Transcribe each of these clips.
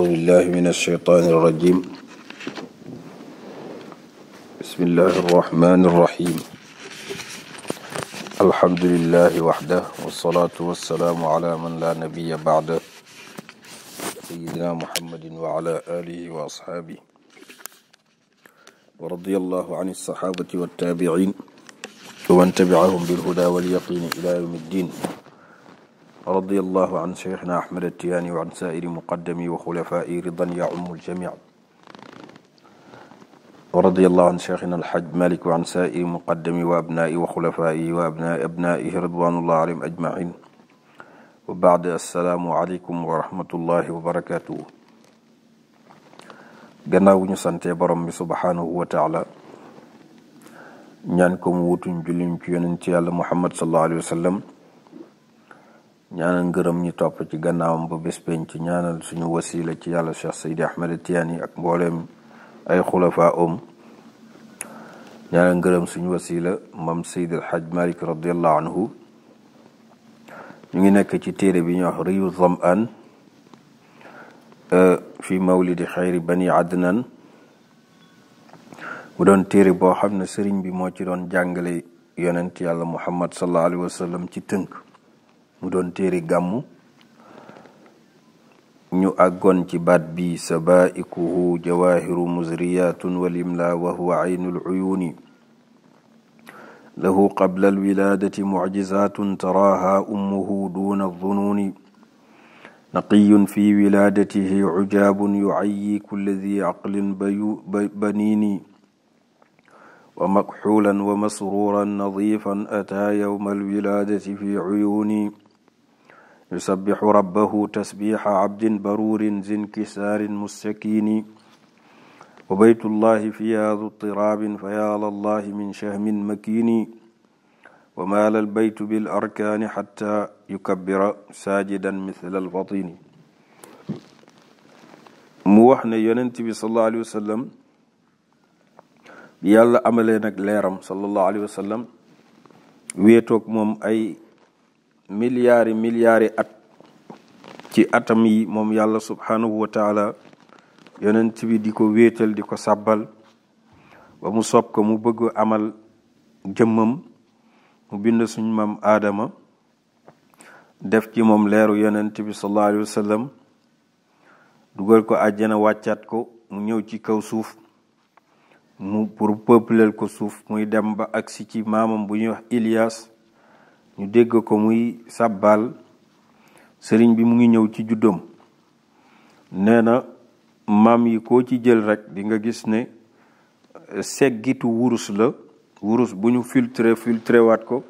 أعوذ بالله من الشيطان الرجيم بسم الله الرحمن الرحيم الحمد لله وحده والصلاة والسلام على من لا نبي بعده سيدنا محمد وعلى آله وأصحابه ورضي الله عن الصحابة والتابعين ومن تبعهم بالهدى واليقين إلى يوم الدين radiyallahu an cheikhina ahmad atiyaani wa an saairi muqaddami wa xulafaai ridan yaummu aljamic wa radiyallahu an cheikhina alhaj malik wa an saairi muqaddami wa abnaai wa xulafaai wa abnaai abnaihi ridwanullah alayhim ajmacin wa baad assalaamu aleykum wa rahmatullahi wa barakatuhu gannaaw ñu santee borom bi subhaanahu wa taala ñaan ko mu wutuñ julliñ ci yonent yàlla muhammad sallallahu alayhi wa sallam ñaanal ngërëm ñi topp ci gannaawam ba bés penc ci ñaanal suñu wasila ci yàlla Cheikh Seydi Ahmed Tidiane ak mbooleem ay xulafa om um. ñaanal ngërëm suñu wasila mam Seydi El Hadj Malick radiallahu anhu ñu ngi nekk ci téere bi ñuy wax riyu zamaan euh, fi mawlidi xayri bani adnan mu doon téere boo xam ne sëriñ bi moo ci doon jàngale yonent yàlla mu sallallahu alayhi wa sallam ci tënk mu doon téere gàmmu ñu àggoon ci baat bi sabaikuhu jawaahiru muzriyatun walimla wa huwa aynu luyuuni lahu qabla alwilaadati mucjizatun taraaha ummuhu duna aldunuuni naqiyun fi wilaadatihi cujaabun yucayi kulla di caqlin baniini wa makxuulan wa masruuran nadiifan ataa yowma alwilaadati fi cuyuuni yusabixu rabbahu tasbixa abdin barurin zinkisaarin mustakiini wa baytullahi fiya du tiraabin faya lallahi min shahmin makiini wa maala albaytu bil arkaani xatta yukabbira saajidan mithla albatini mu wax ne yonent bi sallallahu alayhi wa sallam yàlla amalee nag leeram sallallahu alayhi wa sallam wéetoog moom ay miliyaari miliyaari at ci atam yi moom yàlla subhaanahu wa taala yonent bi di ko wéetal di ko sàbbal ba mu sob ko mu bëgg amal jëmmam mu bind suñ maam aadama def ci moom leeru yonent bi sallallahu alayhi dugal ko àjjana wàccaat ko mu ñëw ci kaw suuf mu pour peuplel ko suuf muy dem ba agsi ci maamam bu ñuy wax Ilias ñu dégg ko muy sàbbaal sëriñ bi mu ngi ñëw ci juddoom nee na maam yi koo ci jël rek di nga gis ne seggitu wurus la wurus bu ñu filtre filtré waat ko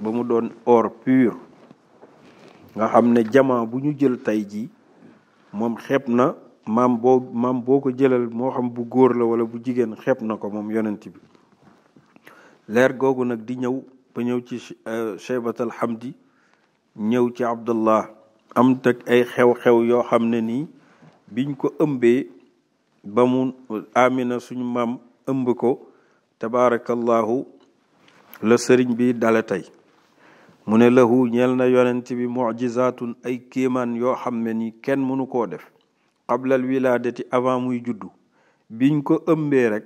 ba mu doon or pur nga xam ne jamaa bu ñu jël tey ji moom xeeb na maam boo maam boo ko jëlal moo xam bu góor la wala bu jigéen xepp na ko moom yonent bi leer googu nag di ñëw ba ñëw ci euh, cheybat alhamdi ñëw ci abdullah am teg ay xew-xew yoo xam ne nii biñ ko ëmbee ba mu amina suñu maam ëmb ko tabaarakallahu la sëriñ bi dale tey mu ne lahu ñeel na yonent bi mucjizaatun ay kéemaan yoo xam ne nii kenn mënu koo def qablal wilaadati avant muy juddu biñ ko ëmbee rek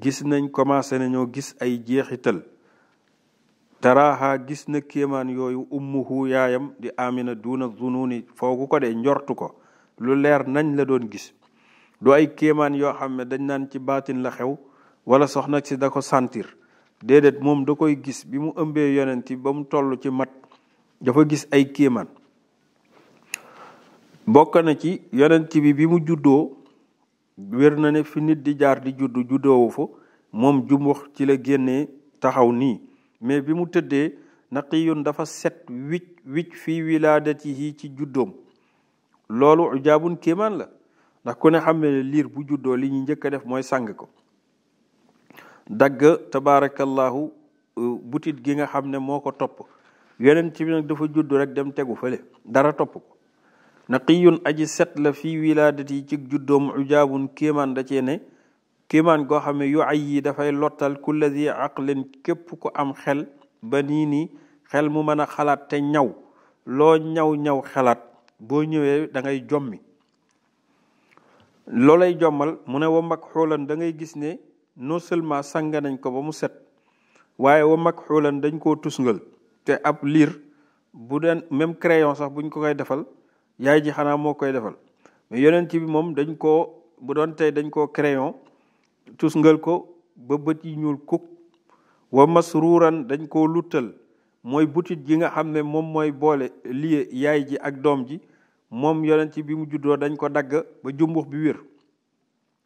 gis nañ commencé nañoo gis ay jeexital taraaha gis na kéemaan yooyu ummuhu yaayam di amina duuna zununi foogu ko de njortu ko lu leer nañ la doon gis du ay kéemaan yoo xam ne dañ naan ci baatin la xew wala soxna si da ko sentir déedéet moom da koy gis bi mu ëmbee yonent ba mu toll ci mat dafa gis ay kéemaan bokk na ci yonent bi bi mu juddoo wér na ne fi nit di jaar di juddu juddoowu fa moom jumbux ci la génnee taxaw nii mais bi mu tëddee naqiyun dafa set wicc wicc fii wilaadatihi ci juddoom loolu ujaabun kéemaan la ndax ku ne xam ne liir bu juddoo li ñu njëkk a def mooy sàng ko dagg tabaarakallahu euh, butit gi nga xam ne moo ko topp yeneen bi nag dafa judd rek dem tegu fële dara topp ko naqiyun aji set la fii wilaadati ci juddoom ujaabun kéemaan da cee ne kiimaan goo xam ne yu ay yi dafay lottal kulla zi leen képp ku am xel ba nii nii xel mu mën a xalaat te ñaw loo ñaw ñaw xalaat boo ñëwee dangay ngay jommi loolay jommal mu ne wa mag xoolan da ngay gis ne noo seulement sanga nañ ko ba mu set waaye wa mag xoolan dañ koo tusngal te ab liir bu den même crayon sax buñ ko koy defal yaay ji xanaa moo koy defal mais yonent bi moom dañ koo bu doon tey dañ koo crayon tusngal ko ba bët yi ñuul kuk wa masruuran dañ ko luttal mooy butit gi nga xam ne moom mooy boole liye yaay ji ak doom ji moom yonent bi mu juddoo dañ ko dagg ba jumbux bi wér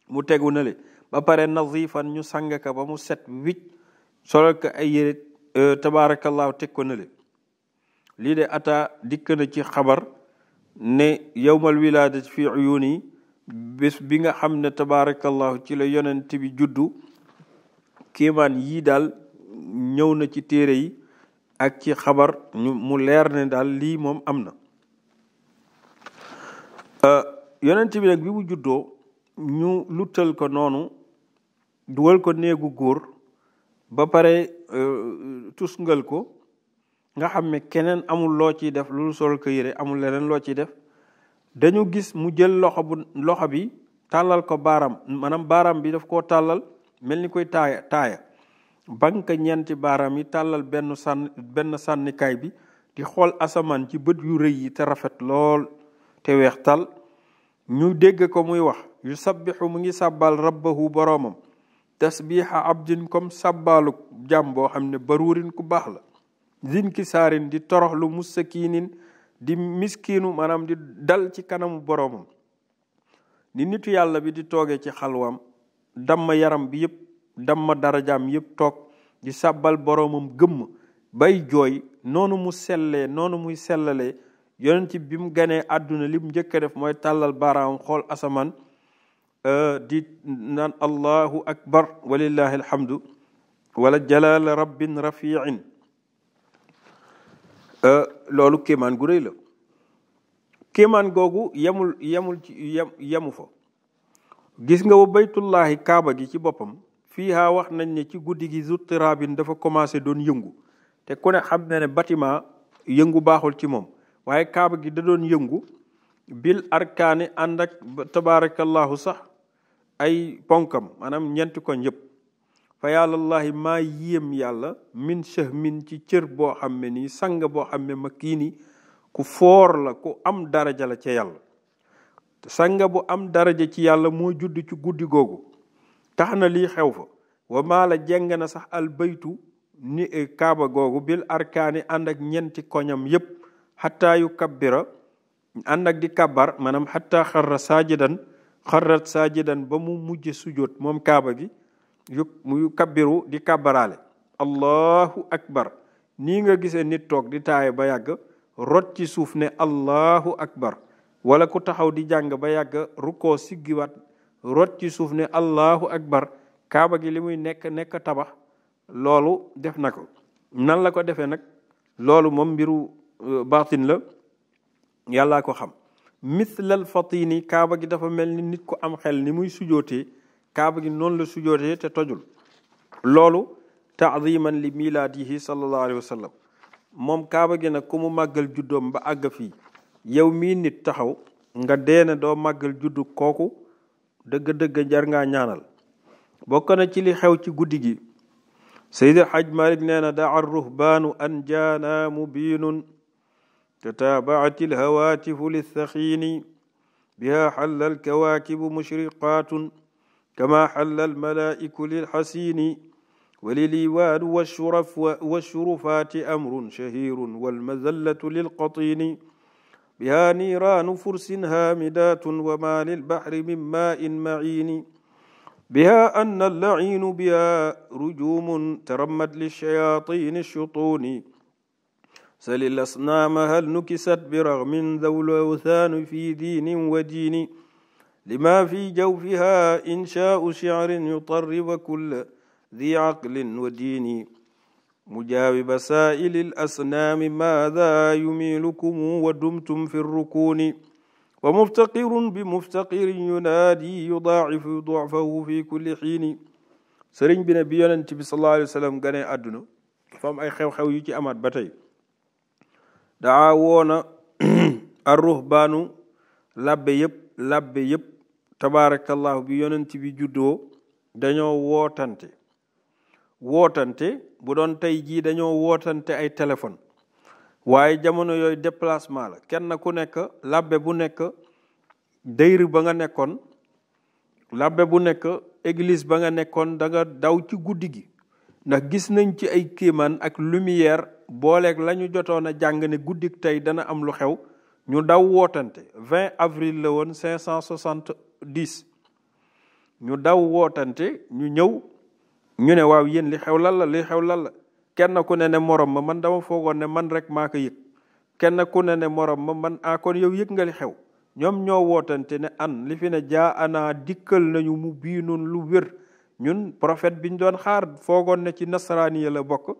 mu tegu na le ba pare nazifan ñu sang ka ba mu set wicc solal ko ay yére euh, tabaarakallaahu teg ko na le lii de ata dikk na ci xabar ne yowmal wilaadati fi uyuuni bés bi nga xam ne tabaarakallahu ci la yonent bi juddu kiimaan yii daal ñëw na ci téere yi ak ci xabar mu leer ne daal lii moom am na euh, yonent bi nag bi mu juddoo ñu luttal ko noonu dugal ko néegu góor ba pare euh, tusngal ko nga xam ne keneen amul loo ciy def lu sol ko yére amul leneen loo ciy def dañu gis mu jël loxo bu loxo bi tàllal ko baaraam maanaam baaraam bi daf koo tàllal mel ni koy taaya taaya banque ñeenti baaraam yi tàllal benn sànn benn sànnikaay bi di xool asamaan ci bët yu rëy yi te rafet lool te weex tal ñu dégg ko muy wax yu sabbixu mu ngi sàbbaal rabbahu boroomam tasbiixa abdin comme sàbbaalu jàmm boo xam ne baruurin ku baax la ki saarin di toroxlu musakiinin di miskiinu maanaam di dal ci kanamu boroomam di nitu yàlla bi di toogee ci xalwaam damma yaram bi yëpp damma darajaam yëpp toog di sàbbal boroomam gëmm bay jooy noonu mu sellee noonu muy sellalee yonent bi mu ganee àdduna lim njëkk a def mooy tàllal baaraam xool asamaan euh, di naan allahu akbar walla alhamdu wala rabbin rafiin Euh, loolu kéemaan gu rëy la kéemaan googu yamul yamul ci yem yemu fa gis nga wa baytullahi kaaba gi ci boppam fii haa wax nañ ne ci guddi gi zutiraabin dafa commencé doon yëngu te ku ne xam na ne bâtiment yëngu baaxul ci moom waaye kaaba gi da doon yëngu bil arkaani ànd ak tabaarakallahu sax ay ponkam maanaam ñeenti koñ yëpp fa yàllallahi maa yéem yàlla min cheh min ci cër boo xam ne nii sang boo xam ne ma kii nii ku foor la ku am daraja la ca yàlla sang bu am daraja ci yàlla moo judd ci guddi googu tax na lii xew fa wa maa la jeng na sax albaytu ni eh, kaaba googu bil arkaani ànd ak ñeenti koñam yépp xataa yu kabbira ànd ak di kabbar maanaam xataa xarra saajidan xarrat saajidan ba mu mujj sujjóot moom kaaba gi yu yu kabbiru di kàbbaraale allahu akbar nii nga gisee nit toog di taay ba yàgg rot ci suuf ne allahu akbar walla ku taxaw di jàng ba yàgg rukkoo siggiwaat rot ci suuf ne allahu akbar kaaba gi li muy nekk nekk tabax loolu def na ko nan la ko defee nag loolu moom mbiru euh, baatin la yàlla ko xam mithlal fatini kaaba gi dafa mel ni nit ku am xel ni muy sujootee kaaba gi noonu la sujootee te tojul loolu taadiman li milaadihi sallallahu alayhi wa moom kaaba gi nag ku mu màggal juddoom ba àgg fii yow mii nit taxaw nga deene doo màggal juddu kooku dëgg-dëgg jar ngaa ñaanal bokk na ci li xew ci guddi gi sayid xaj malik nee na daa ruhbaanu an jaana mubiinun tataabaat ilhawaatifu lithaxiini biha xalla alkawaakibu mushriqaatun كما حل الملائك للحسين ولليوان والشرف والشرفات أمر شهير والمذلة للقطين بها نيران فرس هامدات وما للبحر من ماء معين بها أن اللعين بها رجوم ترمت للشياطين الشطون سل الأصنام هل نكست برغم ذو الأوثان في دين ودين لما في جوفها إنشاء شعر يطرب كل ذي عقل ودين مجاوب سائل الأصنام ماذا يميلكم ودمتم في الركون ومفتقر بمفتقر ينادي يضاعف ضعفه في كل حين sëriñ bi ne bi yonent bi sallallahu alayhi wa sallam ganee àdduna dafa am ay xew-xew yu ci amaat ba tey daa woona ar ruhbaanu labbe yépp labbe yépp tabaarakallahu bi yonent bi juddoo dañoo wootante wootante bu doon tey jii dañoo wootante ay téléphone waaye jamono yooyu déplacement la kenn ku nekk làbbe bu nekk dayru ba nga nekkoon làbbe bu nekk église ba nga nekkoon danga daw ci guddi gi ndax gis nañ ci ay kéemaan ak lumière booleek lañu jotoon a jàng ne guddik tey dana am lu xew ñu daw wootante vingt avril la woon 570 ñu daw wootante ñu ñëw ñu ne waaw yéen li xew lan la li xew lan la kenn ku ne ne morom ma man dama foogoon ne man rek maa ko yëg kenn ku ne ne morom ma man a ah, kon yow yëg nga li xew ñoom ñoo wootante ne an li fi ne jaa ana dikkal nañu mu bii nun lu wér ñun prophète biñ doon xaar foogoon ne ci nasaraani la bokk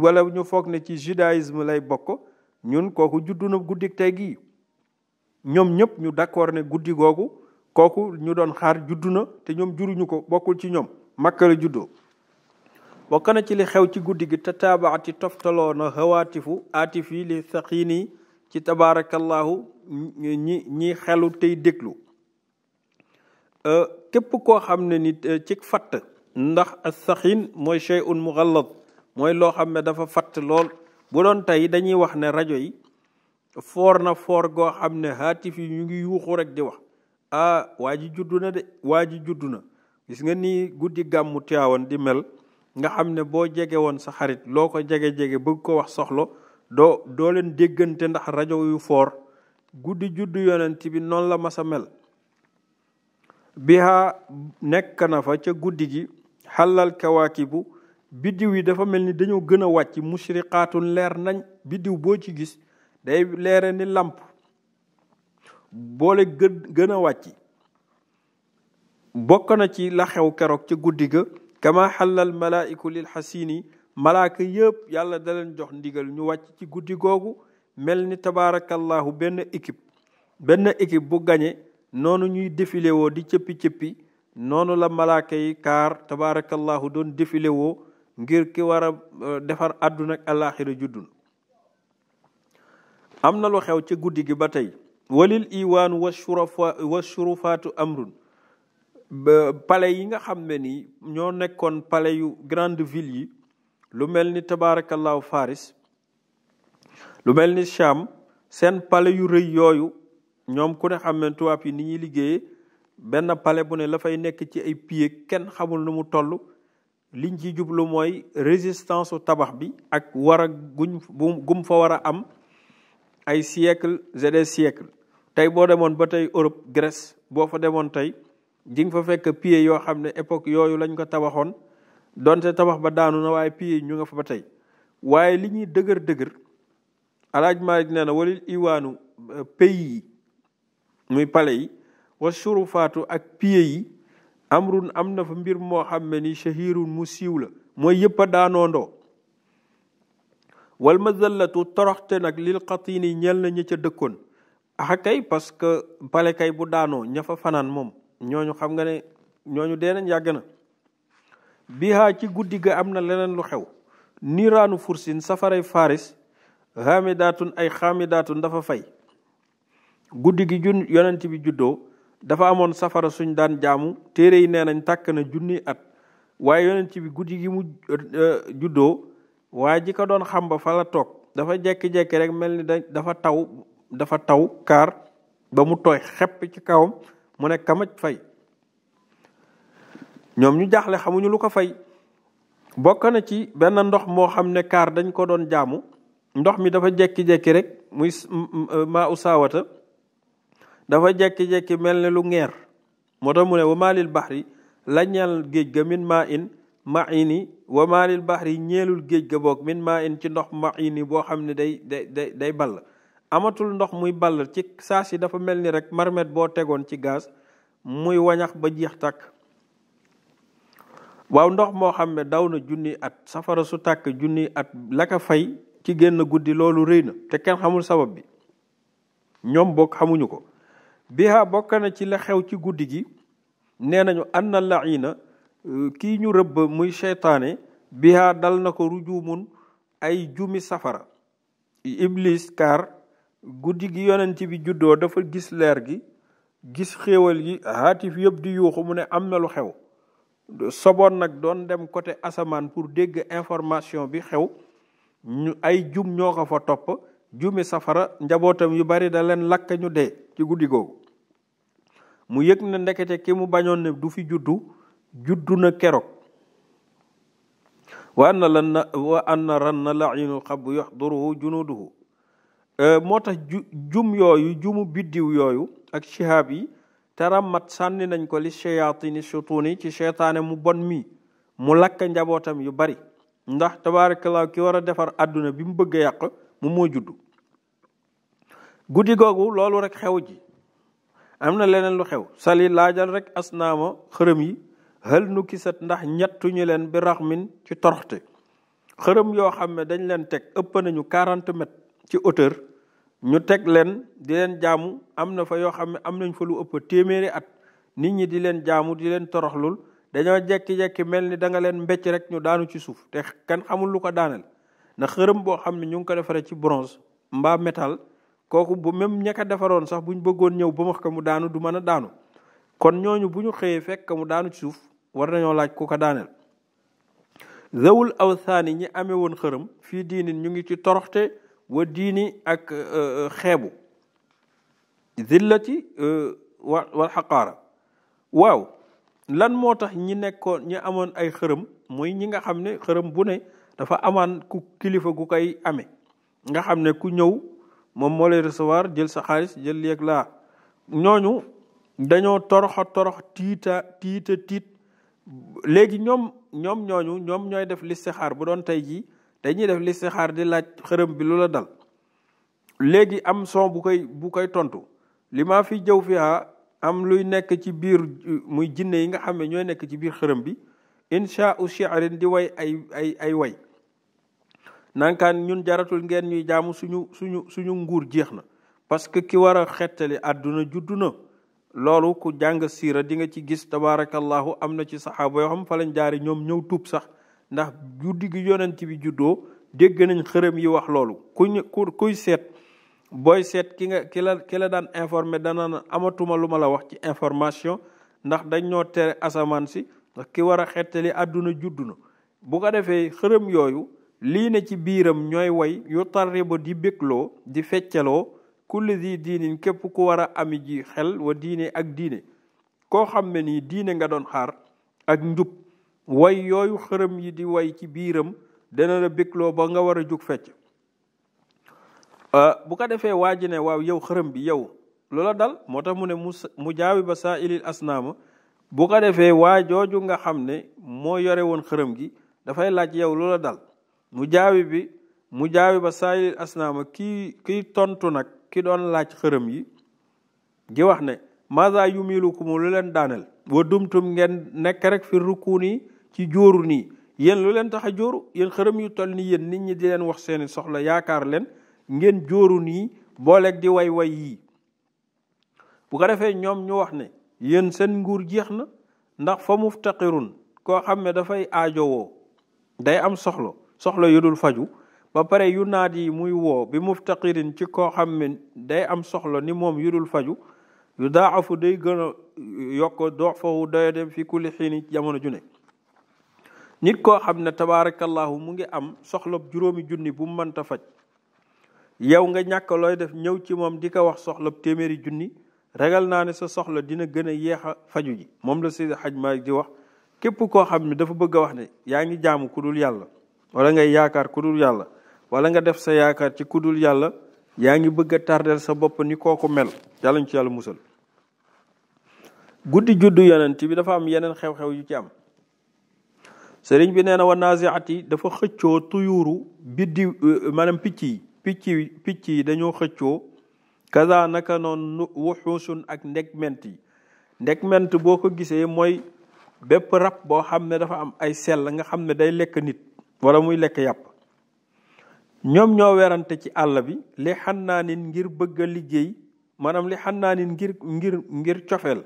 wala ñu foog ne ci judaisme lay bokk ñun kooku juddu na guddi tey gii ñoom ñëpp ñu d'accord ne guddi googu kooku ñu doon xaar juddu na te ñoom juruñu ko bokkul ci ñoom Makka la juddoo bokk na ci li xew ci guddi gi te taabaati toftaloo na xawaatifu aatif yi li saxiini ci tabaarakallahu ñi ñi xelu tey déglu euh, képp koo xam ne nit euh, ci fatt ndax as saxiin mooy shay'un mughallad mooy loo xam ne dafa fatt lool bu doon tey dañuy wax ne rajo yi foor na foor goo xam ne haatif yi ñu ngi yuuxu rek di wax ah waa ji juddu na de waa ji juddu na gis nga ni guddi gàmmu woon di mel nga xam ne boo jege woon sa xarit loo ko jege-jege bëgg ko wax soxlo doo doo leen déggante ndax rajo yu foor guddi juddu yonent bi noonu la masa mel biha nekk na fa ca guddi gi xalal kawaakibu biddiw yi dafa mel ni dañoo gën a wàcc mushriqaatun leer nañ biddiw boo ci gis day leere ni làmp boole gën gën a wàcc bokk na ci la xew keroog ca guddi ga kama malaa'iku lil xasini malaaka yëpp yàlla da leen jox ndigal ñu wàcc ci guddi googu mel ni tabaarakallahu benn équipe benn équipe bu gañe noonu ñuy défilé woo di cëppi cëppi noonu la malaaka yi kaar tabaarakallahu doon défilé woo ngir ki war a e, defar àdduna ak alaaxira juddul am na lu xew ci guddi gi ba tey walil iwaanu wa shurufaatu amrun pale yi nga xam ne nii ñoo nekkoon pale yu grande ville yi lu mel ni tabaarakallaahu faris lu mel ni Cham seen pale yu rëy yooyu ñoom ku ne xam ne tubaab yi ni ñuy liggéeyee benn pale bu ne lafay nekk ci ay pieds kenn xamul nu mu toll liñ ci jublu mooy résistance su tabax bi ak war a guñ gum fa war a am ay siècle et des siècles tey boo demoon ba tey Europe Grèce boo fa demoon tey di fa fekk pieds yoo xam ne époque yooyu lañ ko tabaxoon donte tabax ba daanu na waaye pieds ñu nga fa ba tey waaye li ñuy dëgër dëgër alaaj Malik nee na walil iwaanu euh, pays yi muy pale yi wa surufaatu ak pieds yi amrun am na fa mbir moo xam ne ni shahirun mu siiw la mooy yépp a daanoondoo wal mazallatu toroxte nag lil xatini ñel na ñi ca dëkkoon axa kay parce que pale bu daanoo ña fa fanaan moom ñooñu xam nga ne ñooñu dee yàgg na bihaa ci guddi ga am na leneen lu xew niiraanu fursin safaray faris hamidaatun ay xamidaatun dafa fay guddi gi jun yonent bi juddoo dafa amoon safara suñ daan jaamu téere yi nee nañ tàkk na junni at waaye yonent bi guddi gi mu euh, juddoo waaye ji doon xam ba fa la toog dafa jekki-jekki rek mel ni dafa taw dafa taw kaar ba mu tooy xepp ci kawam mu ne kamaj fay ñoom ñu jaaxle xamuñu lu ko fay bokk na ci benn ndox moo xam ne kaar dañ ko doon jaamu ndox mi dafa jekki-jekki rek muy maa u saawata dafa jekki-jekki mel ne lu ngeer moo tax mu ne wa maalil baxri la géej ga min maa in ma ini wa maalil baxri ñeelul géej ga boog min maa in ci ndox ma ini boo xam ne day day day day amatul ndox muy ball ci saa si dafa mel ni rek marmet boo tegoon ci gaz muy wañax ba jeex tàkk waaw ndox moo xam ne daw na junni at safara su tàkk junni at la ka fay ci génn guddi loolu rëy na te kenn xamul sabab bi ñoom boog xamuñu ko biha bokk na ci la xew ci guddi gi nee nañu anna laina kii ñu rëbb muy seytaane biha dal na ko rujumun ay jumi safara iblis kaar guddi gi yonent bi juddoo dafa gis leer gi gis xéewal yi haatif yëpp di yuuxu mu ne am na lu xew soboon nag doon dem côté asamaan pour dégg information bi xew ñu ay jum ñoo ko fa topp jumi safara njabootam yu bari da leen lakk ñu dee ci guddi googu mu yëg na ndekete ki mu bañoon ne du fi juddu juddu na keroog wa anna lan na wa anna ran na lainul xabu yaxduruhu junuduhu e, moo tax jum yooyu jumu biddiw yooyu ak shihaab yi taramat sànni nañ ko li shayatini sutuni ci seetaane mu bon mi mu lakk njabootam yu bari ndax tabaarakallaahu ki war a defar àdduna bi mu bëgg yàq mu moo juddu guddi googu loolu rek xew ji am na leneen lu xew sali laajal rek asnaama xërëm yi hal nu kisat ndax ñettuñu leen bi raxmin ci toroxte xërëm yoo xam ne dañ leen teg ëpp nañu quarante mètres ci hauteur ñu teg leen di leen jaamu am na fa yoo xam ne am nañ fa lu ëpp téeméeri at nit ñi di leen jaamu di leen toroxlul dañoo jekki-jekki mel ni da nga leen mbécc rek ñu daanu ci suuf te kenn xamul lu ko daaneel ndax xërëm boo xam ne ñu ngi ko defaree ci bronze mbaa métal kooku bu même ñaka defaroon sax bu ñu bëggoon ñëw ba max mu daanu du mën a daanu kon ñooñu bu ñu xëyee fekk mu daanu ci suuf war nañoo laaj ku ko daaneel zawul awsaani ñi amee woon xërëm fii diini ñu ngi ci toroxte wa diini ak euh, euh, xeebu zillati euh, wa wal xaqaara waaw lan moo tax ñi nekkoon ñi amoon ay xërëm muy ñi nga xam ne xërëm bu ne dafa amaan ku kilifa gu koy amee nga xam ne ku ñëw moom moo lay recevoir jël sa xaalis jël léeg laa ñooñu dañoo toroxa torox tiita tiita tiit léegi ñoom ñoom ñooñu ñoom ñooy def listixaar bu doon tey jii dañuy def listixaar di laaj xërëm bi lu la dal léegi am son bu koy bu koy tontu li maa fi jëw fi am luy nekk ci biir muy jinne yi nga xam ñooy nekk ci biir xërëm bi incha u shi'rin di way ay ay ay way nankaan ñun jaratul ngeen ñuy jaamu suñu suñu suñu nguur jeex na parce que ki war a xettali àdduna juddu na loolu ku jàng siira di nga ci gis tabaarakallahu am na ci saxaaba yoo xam fa lañ jaari ñoom ñëw tuub sax ndax juddi gi yonent bi juddoo dégg nañ xërëm yi wax loolu kuñ ku kuy seet booy seet ki nga ki la ki la daan informé dana amatuma lu ma la wax ci information ndax dañ ñoo tere asamaan si ndax ki war a xettali àdduna juddu na bu ko defee xërëm yooyu lii ne ci biiram ñooy woy yu tarribu di bégloo di feccaloo kulli di diinin képp ku war a ami ji xel wa diine ak diine koo xam ne nii diine nga doon xaar ak njub way yooyu xërëm yi di way ci biiram dana la bégloo ba nga war a jug fecc ah, bu ko defee waa ji ne yow xërëm bi yow loola dal moo tax mu ne mu jaawi ba saa ilil asnaama bu ko defee waa jooju nga xam ne moo yore woon xërëm gi dafay laaj yow loola dal mu jaawi bi mu jaawi ba saayil asnaama kii kii tontu nag ki doon laaj xërëm yi gi wax ne maza yu mu lu leen daaneel wa dumtum ngeen nekk rek fi rukkuun yi ci jóoru nii yéen lu leen taxa a jóoru yéen xërëm yu toll nii yéen nit ñi di leen wax seeni soxla yaakaar leen ngeen jóoru nii booleeg di way way yii bu ko defee ñoom ñu wax ne yéen seen nguur jeex na ndax fa mu muftaqirun koo xam ne dafay aajowoo day am soxlo soxla yu dul faju ba pare yu naat yi muy woo bi muftaqirin ci koo xam ne day am soxla ni moom yu dul faju yu daa afu day gën a yokk doo foofu doya dem fi kulli xiini jamono ju ne nit koo xam ne tabaarakallahu mu ngi am soxla juróomi junni bu mu mënta faj yow nga ñàkk looy def ñëw ci moom di ko wax soxla téeméeri junni ragal naa ne sa soxla dina gën a yéex a faju ji moom la Seydi xaj maa di wax képp koo xam ne dafa bëgg a wax ne yaa ngi jaamu ku dul yàlla wala ngay yaakaar ku dul yàlla wala nga def sa yaakaar ci ku dul yàlla yaa ngi bëgg a tardeel sa bopp ni kooku mel yàlla ñu ci yàlla musal guddi juddu yonent bi dafa am yeneen xew-xew yu ci am sëriñ bi nee na wa naziati dafa xëccoo tuyuuru biddi maanaam picc yi picc yi picc yi dañoo xëccoo kaza naka noonu wuxuusun ak ndegment yi ndegment boo ko gisee mooy bépp rab boo xam ne dafa am ay sell nga xam ne day lekk nit wala muy lekk yàpp ñoom ñoo werante ci àll bi li xannaanin ngir bëgg liggéey maanaam li xannaanin ngir ngir ngir cofeel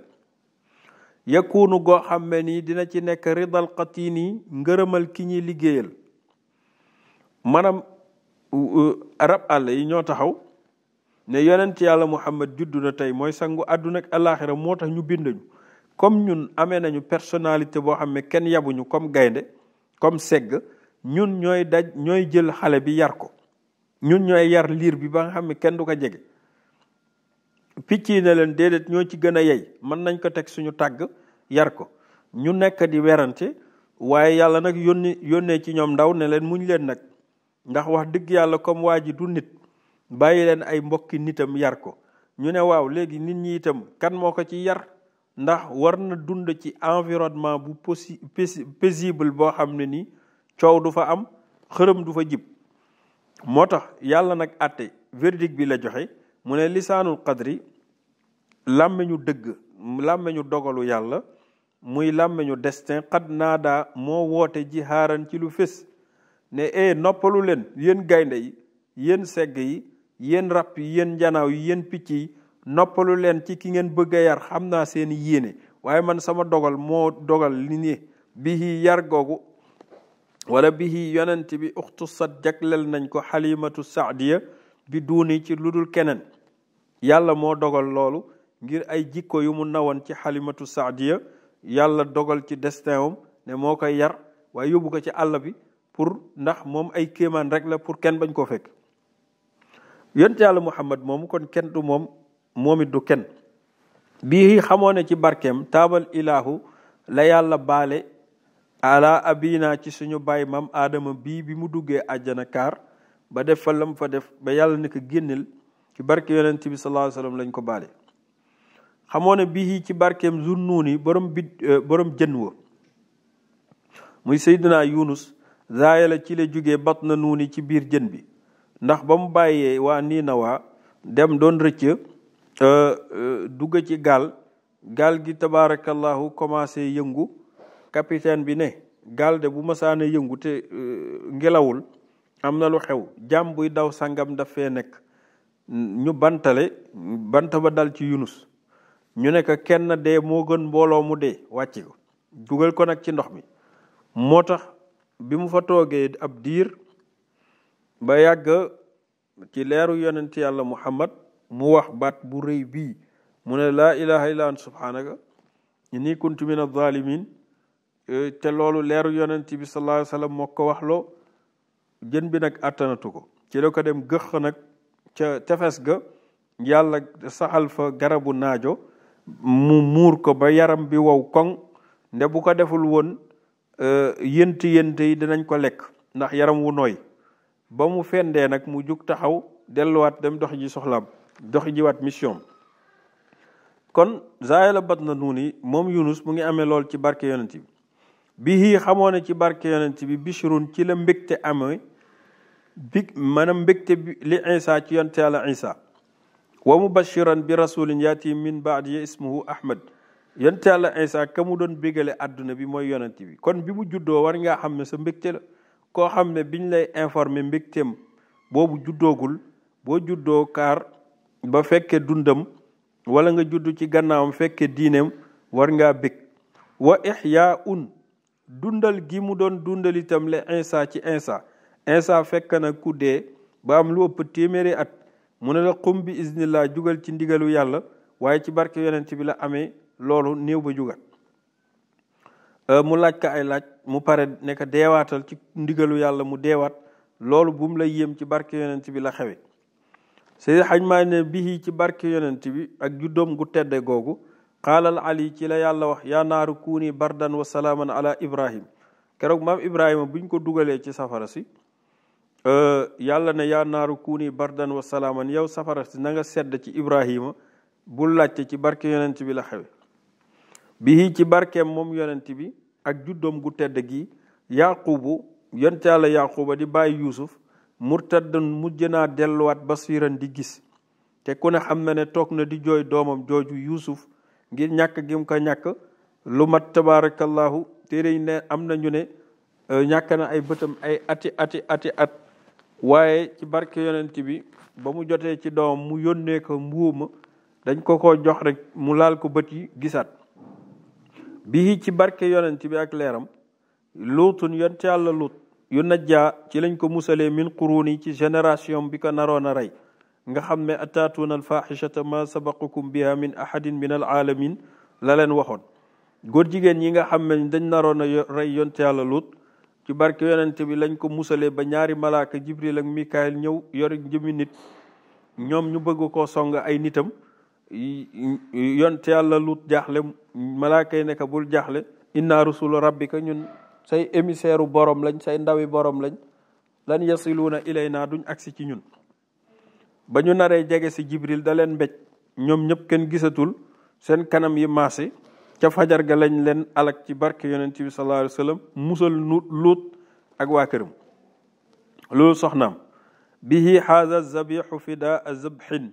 yakunu goo xam nii dina ci nekk ridal qatini ngërëmal ki ñuy liggéeyal maanaam arab àll yi ñoo taxaw ne yonent yàlla muhammad juddu na tey mooy sangu àdduna ak alaxira moo tax ñu bind comme ñun amee nañu personnalité boo xam kenn yabuñu comme gaynde comme segg ñun ñooy daj ñooy jël xale bi yar ko ñun ñooy yar liir bi ba nga xam ne kenn du ko jege picc yi ne leen déedéet ñoo ci gën a yey mën nañ ko teg suñu tàgg yar ko ñu nekk di werante waaye yàlla nag yónni yónnee ci ñoom ndaw ne leen muñ leen nag ndax wax dëgg yàlla comme waa ji du nit bàyyi leen ay mbokki nitam yar ko ñu ne waaw léegi nit ñi itam kan moo ko ci yar ndax war na dund ci environnement bu posi paisible boo xam ne nii coow du fa am xërëm du fa jib moo tax yàlla nag àtte verdict bi la joxe mu ne lisaanul qadri làmmeñu dëgg làmmeñu dogalu yàlla muy làmmeñu destin xad naa daa moo woote ji xaaran ci lu fés ne e noppalu leen yéen gaynde yi yéen segg yi yéen rab yi yéen njanaaw yi yéen picc yi noppalu leen ci ki ngeen bëgg yar xam naa seen yéene waaye man sama dogal moo dogal li ne bi yar googu wala bihi yonent bi uxtusat jagleel nañ ko xalimatu saadiya bi duuni ci lu dul keneen yàlla moo dogal loolu ngir ay jikko yu mu nawoon ci xalimatu saadiya yàlla dogal ci destin am ne moo koy yar waaye yóbbu ko ci àll bi pour ndax moom ay kéemaan rek la pour kenn bañ koo fekk yonent yàlla muhammad moomu kon kenn du moom moom it du kenn bi xamoo ne ci barkeem taabal ilaahu la yàlla baale ala abina ci suñu baay maam aadama bii bi mu duggee àjjana kaar ba def fa lam fa def ba yàlla ni ko génneel ci barke yonent bi sallallahu alayhi lañ ko baale xamoo ne bii ci barkeem zunnuuni borom bi euh, boroom jën wa muy seydina yunus zaaya la ci la jógee bat na nuuni ci biir jën bi ndax ba mu bàyyee waa nii na waa dem doon rëcc euh, euh, dugg ci gaal gaal gi tabaarakallahu commencé yëngu capitaine bi ne gaal de bu masaana yëngu te euh, ngelawul am na lu xew jàmm buy daw sàngam daf fee nekk ñu bantale bant ba dal ci yunus ñu ne ko kenn dee moo gën mbooloo mu dee wàcc ko dugal ko nag ci ndox mi moo tax bi mu fa toogee ab diir ba yàgg ci leeru yonent yàlla muhammad mu wax baat bu rëy bii mu ne laa ilaha illa ant subhanaka inni kuntu min az Eh, te loolu leeru yonent bi sallallahu alayhi wa sallam moo ko waxloo jën bi nag àttanatu ko ci la ko dem gëx nag ca tefes ga yàlla saxal fa garabu naajo mu muur ko ba yaram bi wow koŋ nde bu ko deful woon yënt eh, yënt yi dinañ ko lekk ndax yaram wu nooy ba mu fendee nag mu jug taxaw delluwaat dem dox ji soxlaam doxi ji waat mission kon zaaya la bat na nuuni moom Yunus mu ngi amee lool ci barke yonent bi bihi xamoo ne ci barke yonent bi bishrun ci la mbégte amee bi maanaam mbégte bi li Isa ci yonte yàlla Isa wa mubashiran bi rasulin yaati min baadi ismuhu Ahmad yonte yàlla Isa ka mu doon bégale àdduna bi mooy yonent bi kon bi mu juddoo war ngaa xam ne sa mbégte la koo xam ne biñ lay informer mbégteem boobu juddoogul boo juddoo kaar ba fekke dundam wala nga judd ci gannaawam fekke diineem war ngaa bég wa ixyaa un dundal gi mu doon dundal itam le insa ci insa insa fekk na ku dee ba am lu ëpp téeméeri at mu ne la xum bi iznillah jugal ci ndigalu yàlla waaye ci barke yonent bi la amee loolu néew ba jugal euh, mu laaj ko ay laaj mu pare nekk deewaatal ci ndigalu yàlla mu deewaat loolu bu mu la yéem ci barke yonent bi la xewe sëy xañ maa ci barke yonent bi ak juddoom gu tedd googu xaalal ali ci la yàlla wax yaa naaru kuuni bardan wa salaaman ala ibrahim keroog maam ibrahima buñ ko dugalee ci safara si euh, yàlla na yaa naaru kuuni bardan wa salaaman yow safara si nanga sedd ci ibrahima bu laajte ci barke yonent bi la xewe bii ci barkeem moom yonent bi ak juddoom gu tedd gi yaqubu yonent yàlla yaquba di bàyyi yuusuf murtaddan mujj naa delluwaat basiran di gis te ku ne xam na ne toog na di jooy doomam jooju yuusuf ngir ñàkk gi mu ko ñàkk lu mat tabarakallahu téere yi ne am na ñu ne euh, ñàkk na ay bëtam ay ati ati at waaye ci barke yonent bi ba mu jotee ci doom mu yónnee ko mbuuma dañ ko ko jox rek mu laal ko bët yi gisaat bii ci barke yonent bi ak leeram luutun yonte yàlla luut yu najjaa ci lañ ko musalee min quruni ci génération bi ko naroona rey nga xam ne ataatuuna alfaxishata ma sabaqukum biha min ahadin min alaalamin la leen waxoon góor jigéen ñi nga xam ne dañ naroon a rey yonte yàlla lut ci barke yonente bi lañ ko musalee ba ñaari malaaka jibril lag mikaayil ñëw yori jëmi nit ñoom ñu bëgg ko song ay nitam yonte yàlla lut jaaxle malaaka yi bul jaaxle inna rusulu rabbika ñun say émissaire borom lañ say ndawi borom lañ lan na ilay naa duñ agsi ci ñun ba ñu naree jege ci jibril da leen mbéj ñoom ñëpp kenn gisatul seen kanam yi maase ca fajar ga lañ leen alak ci barke yonent bi sallallahu alayhi wa sallam musal nu luut ak waa këram loolu soxnaam bihi haza zabixu fida a zabxin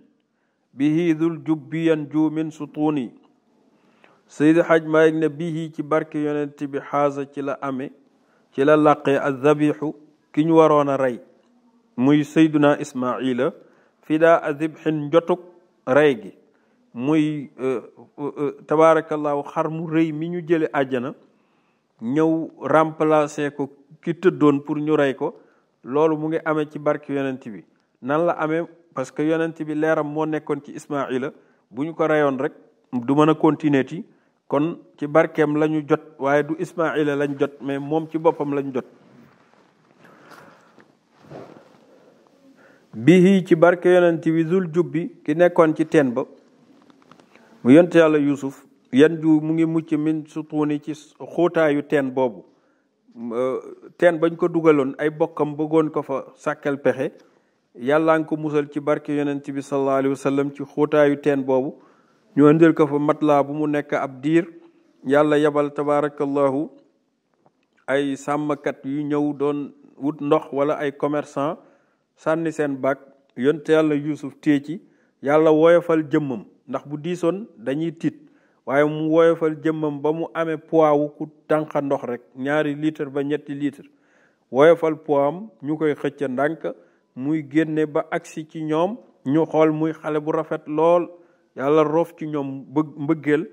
bihi dul jubbiyan juumin sutuuni sayid xaj maayeg ne bihi ci barke yonent bi haza ci la ame ci la làqee a zabixu ki ñu waroon a rey muy sayduna ismaila fidaa azibhin njotug rey gi muy eh, eh, eh, tabaarakallahu xar mu rëy mi ñu jële àjjana ñëw remplacer ko ki tëddoon pour ñu rey ko loolu mu ngi amee ci barke yonent bi nan la amee parce que yonent bi leeram moo nekkoon ci Ismaila bu ñu ko reyoon rek du mën a continuer ti kon ci barkeem la ñu jot waaye du Ismaila lañ jot mais moom ci boppam lañ jot bihi ci barke yonent wi zul jubbi ki nekkoon ci teen ba mu yonent yàlla yusuf yan ju mu ngi mucc min sutuuni ci xuutaayu teen boobu euh, teen bañ ko dugaloon ay bokkam bëggoon ko fa sàkkal pexe yàlla ngi ko musal ci barke yonent bi sallallahu alayhi wa sallam ci xuutaayu teen boobu ñu indil ko fa matlaa bu mu nekk ab diir yàlla yebal tabaarakallahu ay sàmmkat yu ñëw doon wut ndox wala ay commerçant sànni seen baag yonte yàlla yuusuf téye ci yàlla woyofal jëmmam ndax bu diisoon dañuy tiit waaye mu woyofal jëmmam ba mu amee poids wu ku tànqa ndox rekk ñaari litre ba ñetti litre woyofal poids am ñu koy xëcca ndànk muy génne ba agsi ci ñoom ñu xool muy xale bu rafet lool yàlla roof ci ñoom bëgg mbëggeel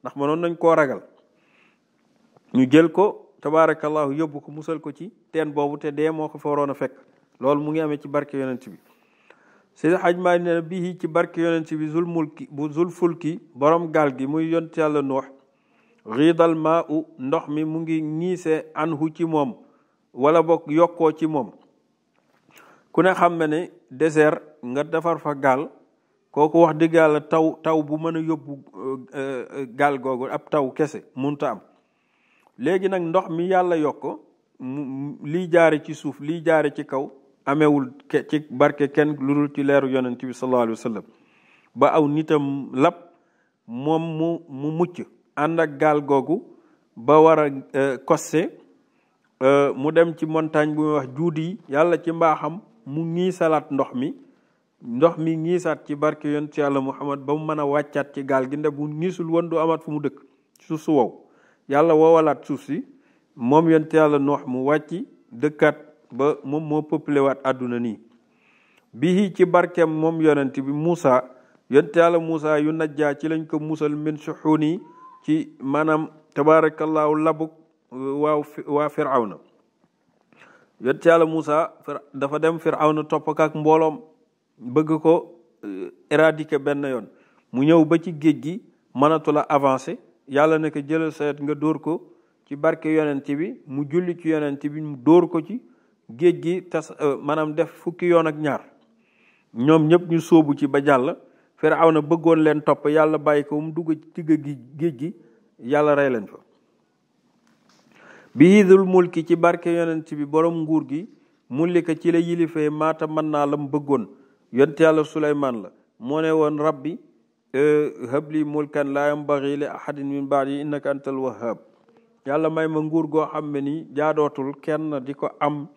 ndax mënoon nañ koo ragal ñu jël ko tabaarakallahu yóbbu ko musal ko ci teen boobu te dee moo ko fa waroon a fekk loolu mu ngi amee ci barke yonent bi si Haj Maalik na bii ci barke yonent bi zul mulki bu zul fulki borom gaal gi muy yont yàlla noox riidal maa u ndox mi mu ngi niise ñiisee anhu ci moom wala boog yokkoo ci moom ku ne xam na ne désert nga defar fa gaal kooku wax dëgg yàlla taw taw bu mën a yóbbu euh, euh, gaal googu ab taw kese munta am léegi nag ndox mi yàlla yokk lii jaare ci suuf lii jaare ci kaw amewul ci barke kenn lu dul ci leeru yonent bi sallallahu alayhi wa ba aw nitam lab moom mu mu mucc ànd ak gaal googu ba wara a e, kosse e, mu dem ci montagne bu muy wax juudi yàlla ci mbaaxam mu ngiisalaat ndox mi ndox mi ngiisaat ci barke yonent yàlla muhammad ba mu mën a wàccaat ci gaal gi ndax bu ngiisul woon du amaat fu mu dëkk suuf su wow yàlla woowalaat suuf si moom yonent yàlla noox mu wàcc dëkkaat ba moom moo peuplé waat àdduna nii bihi ci barkeem moom yonent bi Moussa yonent yàlla Moussa yu najjaa ci lañ ko musal min suxuuni ci maanaam tabaarakallaahu labuk waaw waa firawna yonent yàlla Moussa dafa dem firawna topp ak mbooloom bëgg ko eh, éradiquer benn yoon mu ñëw ba ci géej gi mënatula avancer yàlla na ko jëlal sayet nga dóor ko ci barke yonent bi mu julli ci yonent bi mu dóor ko ci géej gi tas euh, maanaam def fukki yoon ak ñaar ñoom ñëpp ñu sóobu ci ba jàll na bëggoon leen topp yàlla bàyyi ko mu dugg ci digg gi géej gi yàlla rey leen fa bi yidul mulki ci barke yonent bi boroom nguur gi mulika ci la yilifee maata mën naa la mu bëggoon yonte yàlla Suleymaan la moo ne woon rabbi euh, habli mulkan laa yambaxi li ahadin min baadi innaka antal wahhab yàlla may ma nguur goo xam ne ni jaadootul kenn di ko am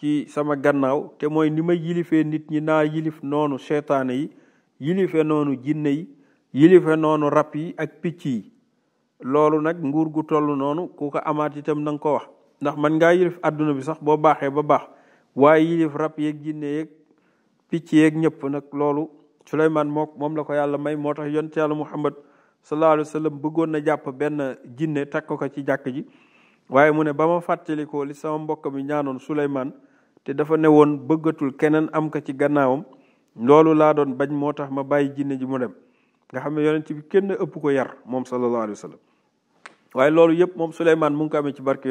ci sama gannaaw te mooy ni ma yilifee nit ñi naa yilif noonu seetaane yi yilife noonu jinne yi yilife noonu rab yi ak picc yi loolu nag nguur gu toll noonu ku ko amaat itam na nga ko wax ndax man ngaa yilif àdduna bi sax boo baaxee ba baax waaye yilif rab yeeg jinne yeeg picc yeeg ñëpp nag loolu Suleymaan moo moom la ko yàlla may moo tax yonent yàlla Muhammad sallallahu alayhi wa sallam bëggoon na jàpp benn jinne takk ko ci jàkk ji waaye mu ne ba ma fàttalikoo li sama mbokk mi ñaanoon Suleymaan te dafa ne woon bëggatul keneen am ko ci gannaawam loolu laa doon bañ moo tax ma bàyyi jinne ji mu dem nga xam ne yonent bi kenn ëpp ko yar moom sallallahu alayhi wa waaye loolu yëpp moom Souleymane mu ngi amee ci barke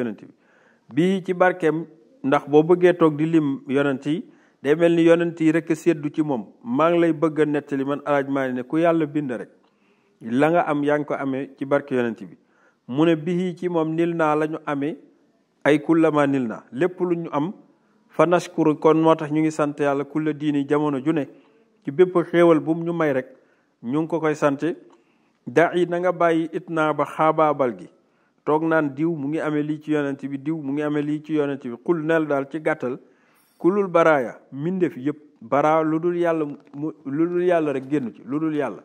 bii ci barkeem ndax boo bëggee toog di lim yonent yi day mel ni yonent yi rek seddu ci moom maa ngi lay bëgg a nettali man alaaj maa ne ku yàlla bind la nga am yaa ngi ko amee ci barke yonent bi mu ne bii ci moom nil naa lañu ñu amee ay kullama nil naa lépp lu ñu am fa nashkuru kon moo tax ñu ngi sant yàlla kulla diini jamono ju ne ci bépp xéewal bu ñu may rek ñu ngi ko koy sante da yi na nga bàyyi it naa ba xaabaabal gi toog naan diw mu ngi ame lii ci yonent bi diw mu ngi amee lii ci yonent bi xul nel daal ci gàttal kulul baraaya mbindeef yëpp bara lu dul yàlla mu lu dul yàlla rek génn ci lu dul yàlla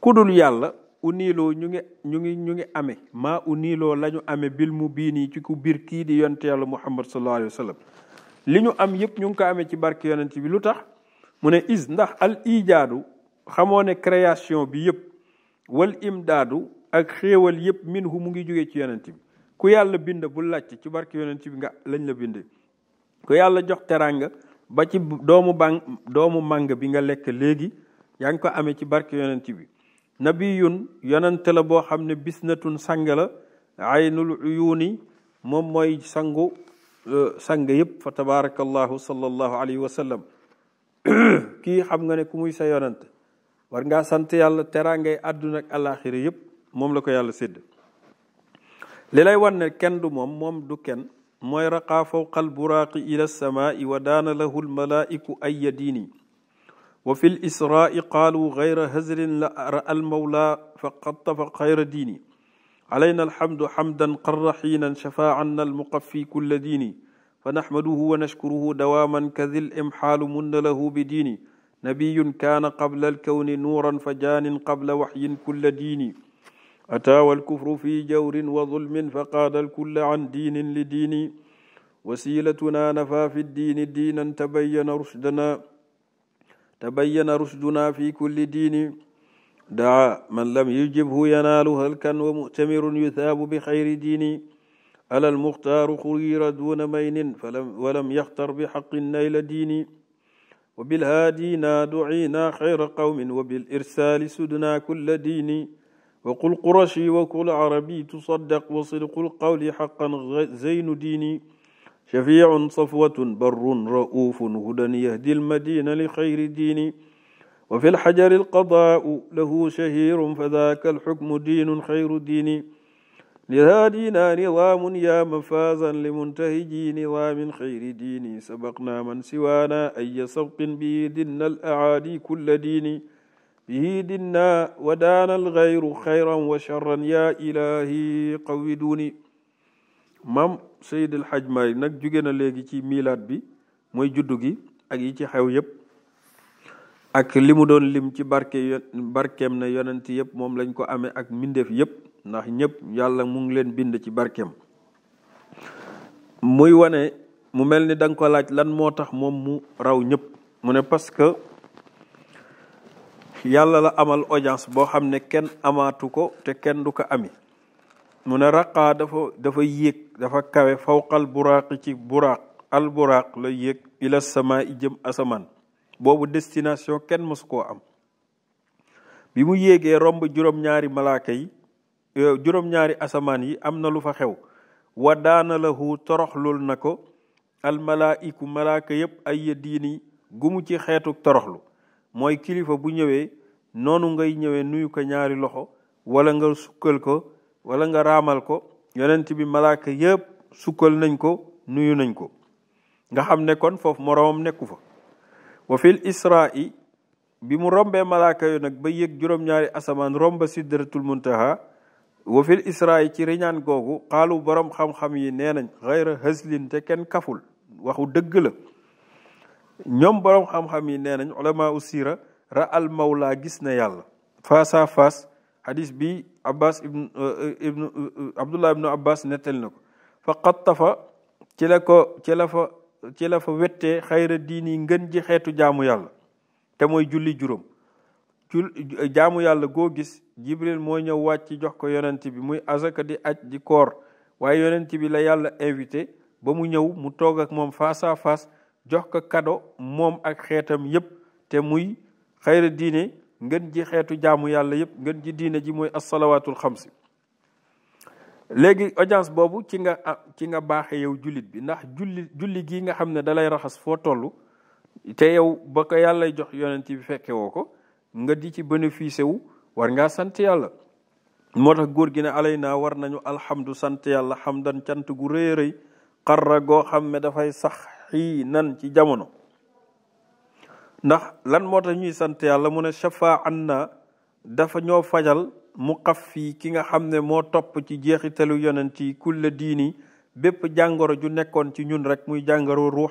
ku dul yàlla uniiloo ñu ngi ñu ngi ñu ngi ame maa uniiloo lañu ñu amee bil mu biin yi ci ku biir kii di yonent yàlla muhammad sallallahu alayhi li ñu am yëpp ñu ngi ko amee ci barke yonent bi lu tax mu ne is ndax al ijaadu xamoo ne création bi yëpp wal imdaadu ak xéewal yëpp minhu mu ngi jógee ci yonent bi ku yàlla bind bu làcc ci barke yonent bi nga lañ la bind ku yàlla jox teranga ba ci doomu bang doomu màng bi nga lekk léegi yaa ngi ko amee ci barke yonent bi nabiyun yonente la boo xam ne bisnatun sang la aynul uyuni moom mooy sangu Euh, sang yëpp fa tabaarakallahu sallallahu alayhi wa sallam kii xam nga ne ku muy sa yonant war ngaa sant yàlla teraangay àdduna ak alaxira yëpp moom la ko yàlla sédd li lay kenn du moom moom du kenn mooy raqaa fawqa alburaaqi ila samaai wa daana lahu almalaa'iku ay yadiini wa fi lisraai qaalu gayra hazrin la ra almawla fa qattafa diini علينا الحمد حمدا قر حينا شفى عنا المقفي كل ديني فنحمده ونشكره دواما كذي الإمحال من له بديني نبي كان قبل الكون نورا فجان قبل وحي كل ديني أتى والكفر في جور وظلم فقاد الكل عن دين لديني وسيلتنا نفى في الدين دينا تبين رشدنا تبين رشدنا في كل دين daa man lam yujibhu yanaalu halkan wa mu'tamirun yuthaabu bi xayri diini alal muxtaaru xuyira duuna maynin falam walam yaxtar bi xaqin nayla diini wa bilhaadina ducina xayra qawmin wa bilirsaali sudna kulla diini wa qul qurashi wa qul arabi tusaddaq wa sidqul qawli xaqan zeynu diini shafiicun safwatun barrun ra'uufun hudan yahdi lmadina li xayri diini wa fi lxajari alqadaau lahu shahiirun fa daaka alxukmu diinun xayru diini lihaadina nidaamun yaa mafaazan limuntahiji nidaamin xayri diini sabaqna man siwaana aya sabqin bihi dinna alacaadi kulla diini bihi dinna wadaana alxayru xayran wa sharran yaa ilaahi qawi duuni maam Seydi El Hadj Malick nag jóge na léegi ci milaat bi mooy juddu gi ak yi ci xew yépp ak li mu doon lim ci barke barkeem na yonent yëpp moom lañ ko amee ak mbindeef yëpp ndax ñëpp yàlla mu ngi leen bind ci barkeem muy wane mu mel ni danga ko laaj lan moo tax moom mu raw ñëpp mu ne parce que yàlla la amal audience boo xam ne kenn amaatu ko te kenn du ko ami mu ne raqaa dafa dafa yéeg dafa kawe fawqal buraaqi ci buraaq al buraaq la yéeg ila sama i jëm asamaan boobu destination kenn mosu koo am bi mu yéegee romb juróom-ñaari malaaka yi e, juróom-ñaari asamaan yi am na lu fa xew wa daana lahu toroxlul na ko almalaa'iku malaaka yépp ay diini gumu ci xeetu toroxlu mooy kilifa bu ñëwee noonu ngay ñëwee nuyu ko ñaari loxo walla nga sukkal ko wala nga raamal ko yonent bi malaaka yépp sukkal nañ ko nuyu nañ ko nga xam ne kon foofu moroomam nekku fa wa fil isra'i bi mu rombee malaaka yo nag ba yëg juróom-ñaari asamaan romba sidratul muntaha wa fil isra'i ci riñaan googu xaalu borom xam-xam yi nee nañ xayra haslin kenn kaful waxu dëgg la ñoom borom xam-xam yi nee nañ ulama u al mawla gis na yàlla face fas face hadis bi abbas ibnu euh, euh, abbas nettali na ko fa xattafa ci la ko ci la fa ci la fa wettee xayra diini ngën ji xeetu jaamu yàlla te mooy julli juróom jul jaamu yàlla goo gis jibril moo ñëw wàcc jox ko yonent bi muy azaka di aj di koor waaye yonent bi la yàlla invité ba mu ñëw mu toog ak moom face à jox ko kado moom ak xeetam yépp te muy xayra diine ngën ji xeetu jaamu yàlla yépp ngën ji diine ji mooy assalawaatul xamsi léegi audience boobu ci nga ci ah, nga baaxe yow jullit bi ndax julli julli gii nga xam ne dalay raxas foo toll te yow ba ko yàlla jox yonent bi fekke woo ko nga di ci bénéficié wu war ngaa sant yàlla moo tax góor gi ne alay war nañu alhamdu sant yàlla xamdan cant gu rëy xarra goo xam ne dafay sax xii nan ci jamono ndax lan moo ñuy sant yàlla mu ne shafaa an na dafa ñoo fajal mu muqaffi ki nga xam ne moo topp ci jeexitalu yonent yi kulla diini bépp jàngoro ju nekkoon ci ñun rek muy jàngoro ruux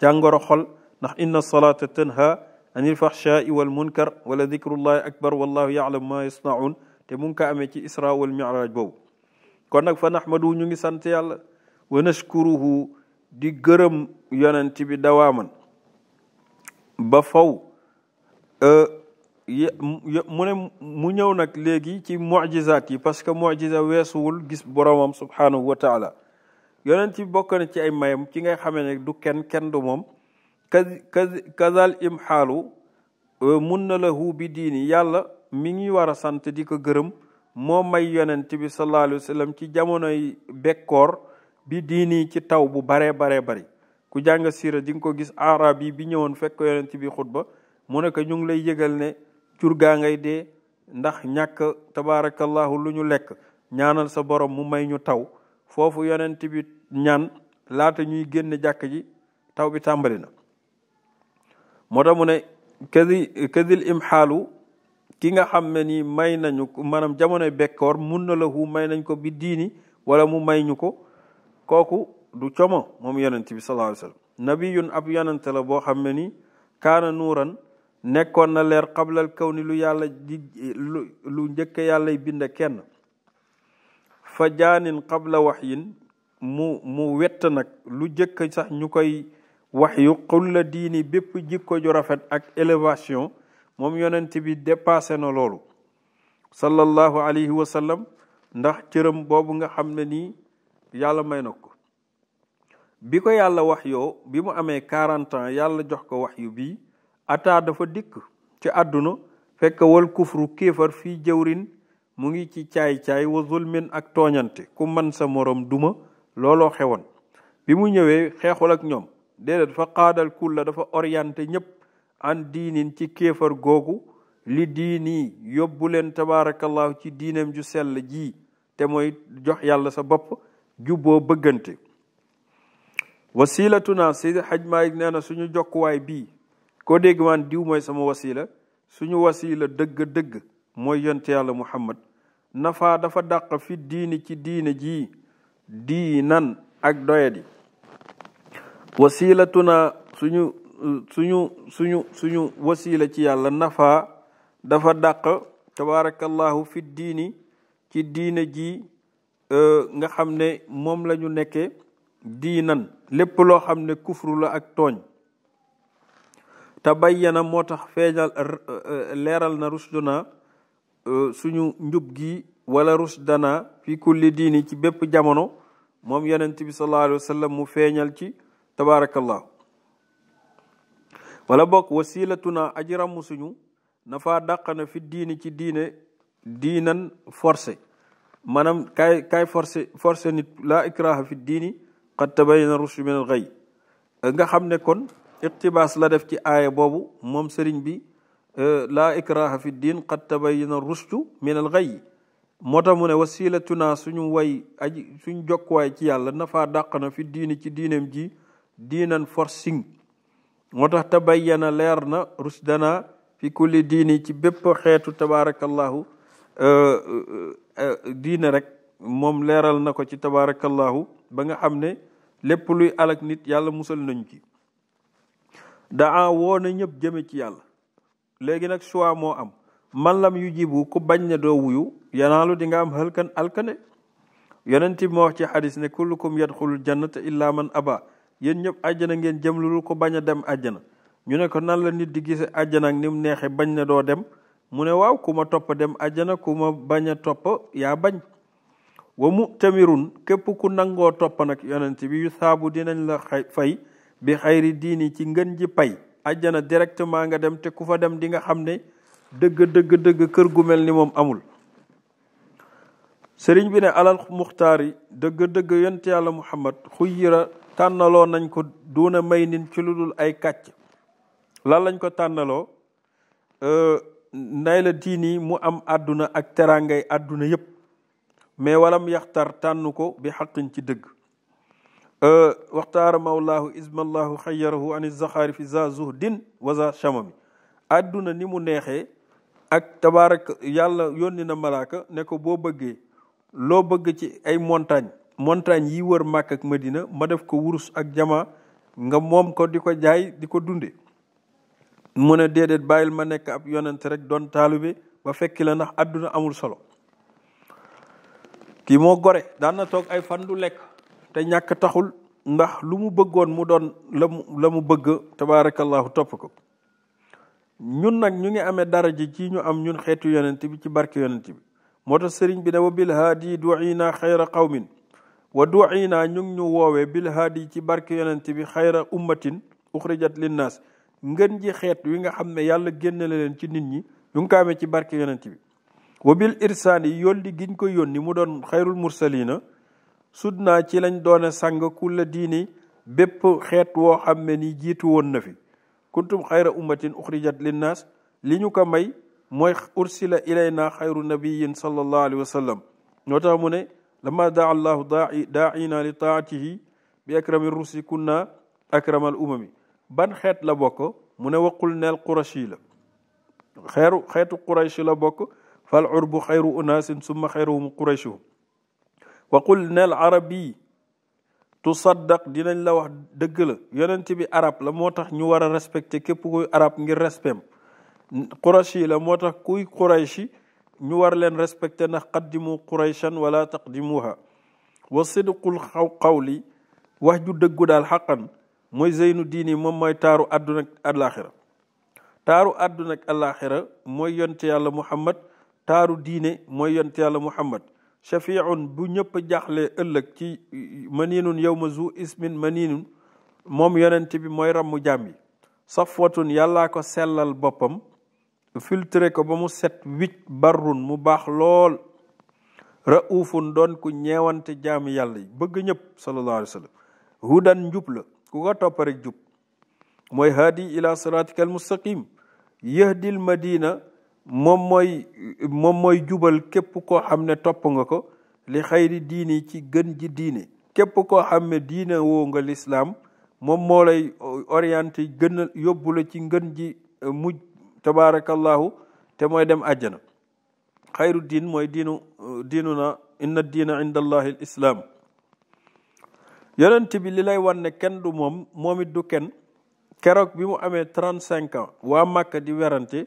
jàngoro xol ndax inna salaata tanha anil fahshaai wal munkar wala dikrullahi akbar wallahu yaalamu ma yasnaun te mu ngi ko amee ci isra wal miraaj boobu kon nag fa nahmadu ñu ngi sant yàlla wa nashkuruhu di gërëm yonent bi dawaaman ba fow euh, mu ne mu ñëw nag léegi ci mujizaat yi parce que mujiza weesuwul gis boromam subhanahu wa taala yonent bi bokk na ci ay mayam ci ngay xamee ne du kenn kenn du moom ka kazal imxaalu euh, mun na lahu bi diini yàlla mi ngi war a sant di ko gërëm moo may yonent bi sallallahu alayhi ci jamonoy bekkoor bi diini ci taw bu baree baree bari ku jàng siira di nga ko gis arab yi bi ñëwoon fekk yonent bi xutba mu nekk ñu ngi lay yëgal ne cur gaa ngay dee ndax ñàkk tabaarakallahu lu ñu lekk ñaanal sa borom mu may ñu taw foofu yonent bi ñaan laata ñuy génn jàkk ji taw bi tàmbali na moo tax mu ne kadi kadil imxaalu ki nga xam ne nii may nañu maanaam jamonoy bekkoor mun na la hu may nañ ko bi diini wala mu may ñu ko kooku du como moom yonent bi sallallahu alayhi wa ab yonent la boo xam ne nii kaana nuuran nekkoon na leer xablal kaw ni lu yàlla lu njëkk yàllay bind kenn fa jaanin xabla wax yin mu mu wet nag lu jëkk sax ñu koy wax yu xulla diini bépp jikko ju rafet ak élévation moom yonent bi dépassé na loolu sallallahu alayhi wa ndax cëram boobu nga xam ne nii yàlla may na ko bi ko yàlla wax yoo bi mu amee quarante ans yàlla jox ko wax yu bii ataa dafa dikk ci àdduna fekk wal kufru kéefar fii jëwrin mu ngi ci caay-caay wa zulmin ak tooñante ku man sa moroom duma looloo xewoon bi mu ñëwee xeexul ak ñoom déedéet fa qaadal la dafa orienté ñëpp an diinin ci kéefar googu li diini yóbbu leen tabaarakallahu ci diineem ju sell ji te mooy jox yàlla sa bopp jubboo bëggante wasilatuna si xaj maay nee na suñu jokkuwaay bii koo dégg maan diw mooy sama wasila suñu wasila dëgg-dëgg mooy yonte yàlla muhammad nafa dafa dàq fi diini ci diina ji diinan ak doyadi wasilatuna suñu suñu suñu suñu wasila ci yàlla nafa dafa dàq tabaarakallahu fi diini ci diine ji e, nga xam ne moom lañu ñu nekke diinan lépp loo xam ne kufru la ak tooñ tabayyana moo tax feeñal leeral na rusduna euh, suñu njub gi wala na fi kulli diini ci bépp jamono moom yonent bi sallallahu alayhi wa mu feeñal ci tabaarakallah wala bokk wasilatuna aji ràmm suñu nafa dàqana fi diini ci diine diinan force maanaam kaay kaay forcé forcé nit laa ikraha fi diini qad tabayyana rushd min al ghayy nga xam ne kon iqtibaas la def ci aaya boobu moom sëriñ bi euh, laa ikraha fi diin qad tabayyana rushdu min al ghayy moo tax mu ne wasilatuna suñu way aji suñ jokkuwaay ci yàlla nafa dàq na fi diini ci diinam ji diinan forcing moo tax tabayyana leer na rusdana fi kulli diini ci bépp xeetu tabaarakallahu euh, euh, diine rek moom leeral na ko ci tabaarakallahu ba nga xam ne lépp luy alak nit yàlla musal nañu ci daa woo na ñëpp jëme ci yàlla léegi nag choix moo am man lam yu jibu ku bañ ne doo wuyu yanaalu di am halkan alkane yonent bi moo wax ci xadis ne kullukum yadxulul jannata illa man aba yéen ñëpp àjjana ngeen jëm lu ko bañ a dem àjjana ñu ne ko nan la nit di gise àjjana ak ni neexe bañ ne doo dem mu ne waaw ku ma topp dem àjjana ku ma bañ a topp yaa bañ wa mu tamirun képp ku nangoo topp nag yonent bi yu saabu dinañ la fay bi xayri diini ci ngën ji pay ajjana directement nga dem te ku fa dem di nga xam ne dëgg dëgg dëgg kër gu mel ni moom amul sëriñ bi ne alal muxtaar yi dëgg dëgg yont yàlla muhammad xuyyira tànnaloo nañ ko duuna may nin ci lu dul ay kàcc lan lañ ko tànnaloo euh, nday la diini mu am àdduna ak teraangay àdduna yépp mais walam yaxtar tànn ko bi xaqin ci dëgg waxtaara mawlaahu ismallahu xayarahu an zaxaari fi za zuhdin wa za chamami àdduna ni mu neexee ak tabaaraka yàlla yónni na malaaka ne ko boo bëggee loo bëgg ci ay montagne montagne yi wër màkk ak dina ma def ko wurus ak jama nga moom ko di ko jaay di ko dunde mu ne déedéet bàyyil ma nekk ab yonent rek doon taalube ba fekki la ndax àdduna amul solo kii moo gore daan na toog ay fan du lekk te ñàkk taxul ndax lu mu bëggoon mu doon la mu la mu bëgg tabaarakallahu topp ko ñun nag ñu ngi amee daraja ci ñu am ñun xeetu yonent bi ci barke yonent bi moo tax sëriñ bi ne wa bil haadi duina xayra qawmin wa duina ñu ngi ñu woowee bil haadi ci barke yonent bi xayra ummatin uxrijat linnaas ngën ji xeet wi nga xam ne yàlla génne leen ci nit ñi ñu ngi ko amee ci barke yonent bi wa bil irsaani yolli giñ ko yónni mu doon xayrul mursaliina sudna ci lañ doon sang kulla diini bépp xeet woo xam ne ni jiitu woon na fi kuntum xayra ummatin uxrijat linnaas li ñu ko may mooy ursila ilayna xayru nabiyin sallallahu alayhi wa sallam ñoo tax mu ne lama daa allahu daai daaina li taatihi bi akrami rusi kunna akramal umami ban xeet la bokk mu ne waqul neel qurashi la xeeru xeetu qurashi la bokk fal urbu xayru unaasin summa xayruhum qurashuhum wa qul neel arab yi tusaddaq dinañ la wax dëgg la yonent bi arab la moo tax ñu war a respecté képp kuy arab ngir respect qurashi la moo tax kuy qurayshi ñu war leen respecté ndax qaddimu qurayshan wala taqdimuha wa sidqul xaw qawli wax ju dëggu daal xaqan mooy zeynu diini moom mooy taaru àdduna ak àllaaxira taaru àdduna ak àllaaxira mooy yonte yàlla muhammad taaru diine mooy yonte yàlla muhammad shafiun bu ñëpp jaaxle ëllëg ci maninun yawma zu ismin maninun moom yonent bi mooy rammu jàmm yi safwatun yàllaa ko sellal boppam filtre ko ba mu set wicc barrun mu baax lool raufun doon ku ñeewante jaami yàlla yi bëgg ñëpp sallallahu alayhi wa njub la ku ko topp rek mooy haadi ila siratika al mustaqim madina moom mooy moom mooy jubal képp koo xam ne topp nga ko li xayri diini ci gën ji diine képp koo xam ne diine woo nga lislaam moom moo lay orienté gën a yóbbu la ci ngën ji euh, mujj tabaarakallahu te mooy dem àjjana xayru diin mooy diinu euh, diinu na inna diina inda allahi al islaam yonent bi li lay wan ne kenn du moom moom it du kenn keroog bi mu amee trente cinq ans waa Màkka di werante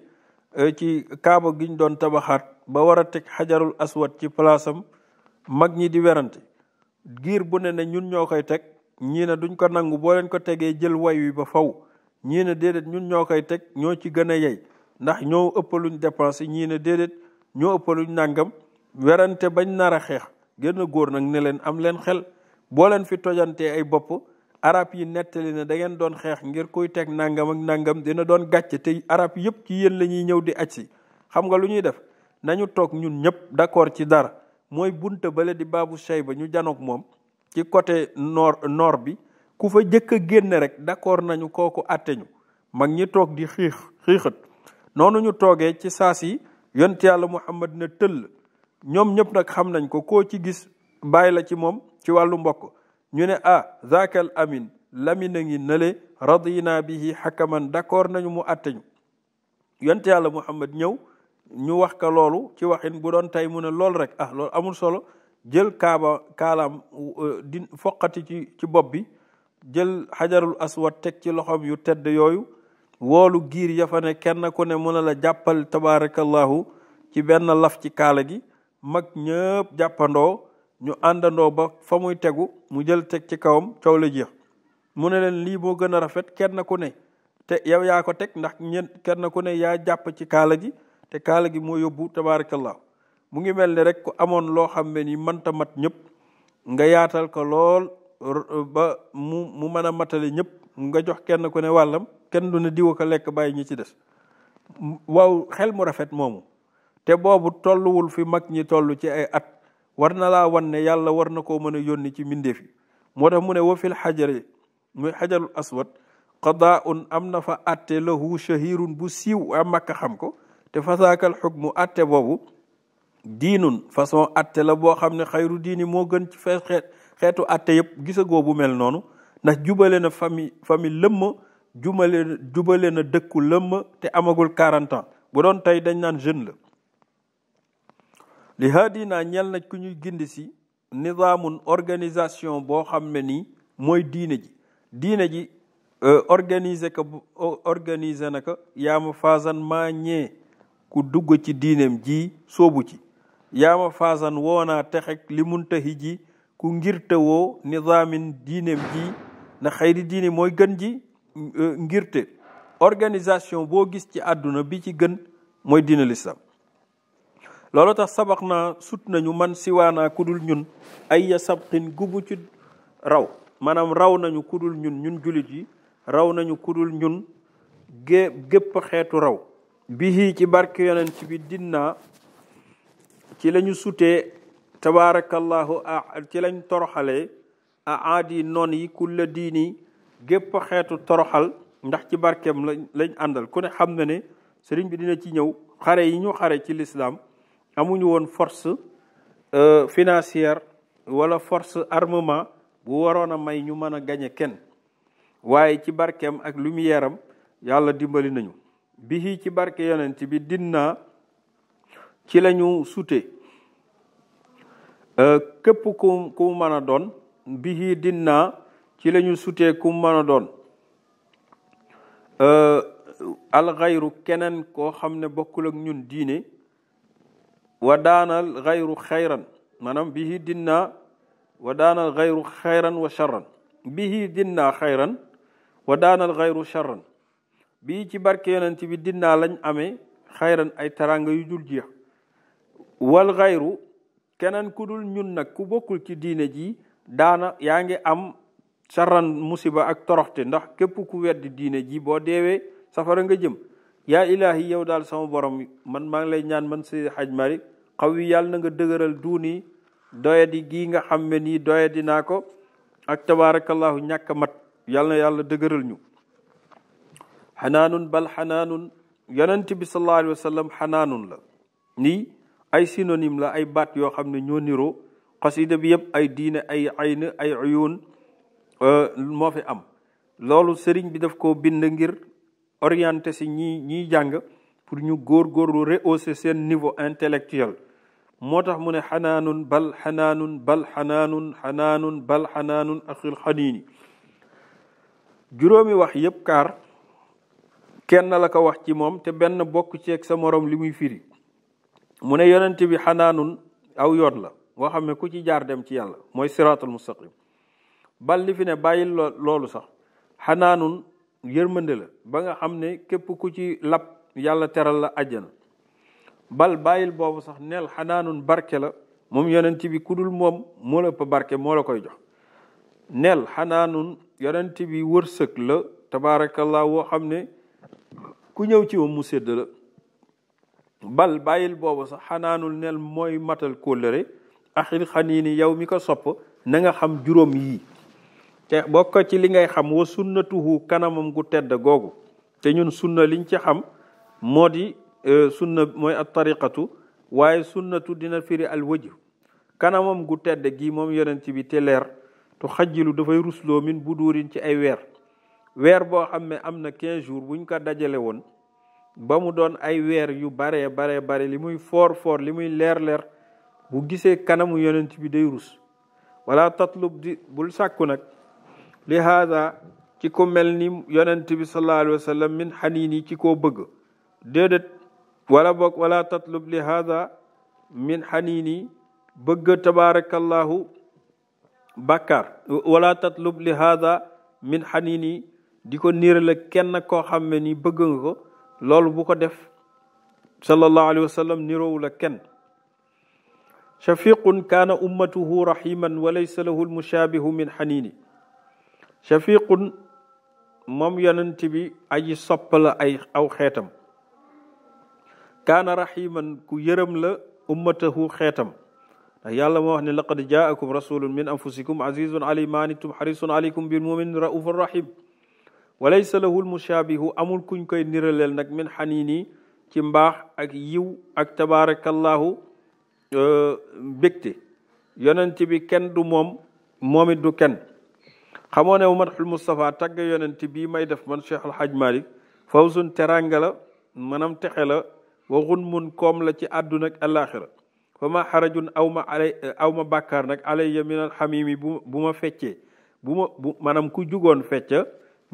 Euh, ci kaaba gi ñu doon tabaxaat ba war a teg xajarul aswad ci palaasam mag ñi di werante giir bu ne ne ñun ñoo koy teg ñii ne duñ ko nangu boo leen ko tegee jël way wi ba faw ñii ne déedéet ñun ñoo koy teg ñoo ci gën a yey ndax ñoo ëppaluñ dépensé ñii ne déedéet ñoo ëppaluñ nàngam werante bañ nar a xeex gën a góor nag ne leen am leen xel boo leen fi tojantee ay bopp arab yi nettali ne da ngeen doon xeex ngir kuy teg nangam ak nangam dina doon gàcce te arab yëpp ci yéen la ñuy ñëw di aj si xam nga lu ñuy def nañu toog ñun ñëpp d'accord ci dara mooy ba la di baabu ba ñu janoog moom ci côté nord noor bi ku fa jëkk a génn rek d'accord nañu kooku àtte ñu mag ñi toog di xiix xiixat noonu ñu toogee ci saa yi yonent yàlla Muhammad na tëll ñoom ñëpp nag xam nañ ko koo ci gis bàyyi la ci moom ci wàllu mbokk ñu ne ah zakal amin lamin a ngi nële radina bihi xakaman d'accord nañu mu àtte ñu yonte yàlla muhammad ñëw ñu wax ka loolu ci waxin bu doon tey mu ne loolu rek ah loolu amul solo jël kaaba kaalaam euh, di foqati ci ci bopp bi jël xajarul aswad teg ci loxoom yu tëdd yooyu woolu giir ya ne kenn ku ne mën la jàppal tabaarakallahu ci benn laf ci kaala gi mag ñëpp jàppandoo ñu àndandoo ba fa muy tegu mu jël teg ci kawam coow la jeex mu ne leen lii moo gën a rafet kenn ku ne te yow yaa ko teg ndax ñen kenn ku ne yaa jàpp ci kaala gi te kaala gi moo yóbbu tabaarakallah mu ngi mel ni rek ku amoon loo xam ne ni mënta mat ñëpp nga yaatal ko lool ba mu mu mën a matale ñëpp nga jox kenn ku ne wàllam kenn du ne diwa ko lekk bàyyi ñi ci des waaw xel mu rafet moomu te boobu tolluwul fi mag ñi toll ci ay at war na laa wan ne yàlla war na koo mën a yónni ci mbindeef yi moo tax mu ne wa fil muy xajarul aswad qadaun am na fa atte lahu shahirun bu siiw a makka xam ko te fasaakal xukmu atte boobu diinun façon atte la boo xam ne xayru diini moo gën ci xeetu atte yëpp gisagoo bu mel noonu ndax jubale na famille famille lëmm jubale jubale na dëkku lëmm te amagul 40 ans bu doon tey dañ naan jeune la li haadi naa ñel na ku ñuy gindi si nizaamun organisation boo xam ne ni mooy diine ji diine ji euh, organise ka organise na ka yaa ma faasan maa ñee ku dugg ci diineem ji soobu ci yaa ma faasan woonaa texek li muntahi ji ku ngir te woo nizaamin diineem ji na xayri diine mooy gën ji euh, ngirte organisation boo gis ci àdduna bi ci gën mooy diine l'islam loolu tax sabax naa sut nañu man ku dul ñun ay ya sabqin gubu ci raw maanaam raw nañu kudul ñun ñun jullit yi raw nañu kudul ñun gé gépp xeetu raw bihi ci barke yonent bi dinaa ci lañu sutee tabaarakallahu ci lañ toroxalee a aadi non yi kulla diini gépp xeetu toroxal ndax ci barkeem lañ lañ àndal ku ne xam na ne sëriñ bi dina ci ñëw xare yi ñu xare ci lislaam amuñu woon force euh, financière wala force armement bu waroon a may ñu mën a gañe kenn waaye ci barkeem ak lumière am yàlla dimbali nañu bihi ci barke yonent bi dinaa ci lañu sute euh, képp ku ku mën a doon bihi dinaa ci lañu sutee ku mën a doon euh, alxayru keneen koo xam ne bokkul ak ñun diine wa daanal xayru xayran manam bihi dina wa daanal xayru xayran wa charran bihi dinnaa xayran wa daanal xayru charran bii ci barke yonent bi dinnaa lañ amee xayran ay taranga yu dul jeex wal xayru keneen ku dul ñun nag ku bokkul ci diine ji daana yaa ngi am charran musiba ak toroxte ndax képp ku weddi diine ji boo deewee safara nga jëm yaa ilaahi yow daal sama borom man maa ngi lay ñaan man si xaj mari xaw yi yàlla na nga dëgëral duuni doyadi gii nga xam ne nii doyadi naa ko ak tabaarakallahu ñàkk mat yàlla na yàlla dëgëral ñu xanaanun bal xanaanun yonent bi sallallahu alayhi wa xanaanun la nii ay synonyme la ay baat yoo xam ne ñoo niroo xasida bi yëpp ay diine ay ayn ay uyun euh, moo fi am loolu sëriñ bi def ko bind ngir orienté si ñi ñiy jàng pour ñu góor góor góorgóorlu rehausser seen niveau intellectuel moo tax mu ne xanaanun bal xanaanun bal bal xanaanun axil xaniini juróomi wax yépp kaar kenn la ko wax ci moom te benn bokk ceeg sa moroom li muy firi mu ne yonent bi xanaanun aw yoon la woo xam ku ci jaar dem ci yàlla mooy siraatul mustaqim bal li fi ne bàyyil loolu sax xanaanun yërmande la ba nga xam ne képp ku ci lab yàlla teral la àjjana bal bàyyil boobu sax neel xanaanun barke la moom yonent bi ku dul moom moo la ëpp barke moo la koy jox neel xanaanun yonent bi wërsëg la tabaarakallah woo xam ne ku ñëw ci moom mu sedd la bal bàyyil boobu sax xanaanul nel mooy matal kóllëre axil xanii ni yow mi ko sopp na nga xam juróom yii te bokk ci li ngay xam wa sunnatuhu kanamam gu tedd googu te ñun sunna liñ ci xam moo di e, sunna mooy at tariqatu waaye sunnatu dina firi al wajh kanamam gu tedd gi moom yonent bi te leer tu xajjilu dafay rusloo min bu duurin ci ay weer weer boo xam ne am na quinze jours buñ ko dajale woon ba mu doon ay weer yu baree bare bare li muy foor foor li muy leer leer bu gisee kanamu yonent bi day rus wala tatlub bul sàkku nag li haada ci ku mel ni yonent bi sallallahu alayhi wa min xaniini ci koo bëgg déedéet wala tatlub li haada min xaniini bëgg tabaarakallahu bàkkaar wala tatlub li haada min xaniini di ko niirale kenn ko xam ne ni bëgg nga ko loolu bu ko def sallallahu alayhi wa sallam niroowu la kenn shafiqun kaana ummatuhu rahiman wa laysa lahu almushaabihu min xaniini shafiqun moom yonent bi aji sopp la ay aw xeetam kaana raximan ku yërëm la ummatahu xeetam ndax yàlla moo wax ne laqad jaakum rasulun min anfusikum azizun alay maanitum xarisun aleykum bil mumin raufun rahim wa laysa lahu lmushaabihu amul kuñ koy niraleel nag min xaniini ci mbaax ak yiw ak tabaarakallahu euh, mbégte yonent bi kenn du moom moom it du kenn xamoo ne madxul Moustapha tagg yonent bii may def man Cheikh El Hadj Malick fawzun teranga la maanaam texe la waxun koom la ci àdduna ak alaxira fa ma xarajun aw ma aw ma bàkkaar nag alayya min alxamimi bu bu ma feccee bu ma bu maanaam ku jugoon fecca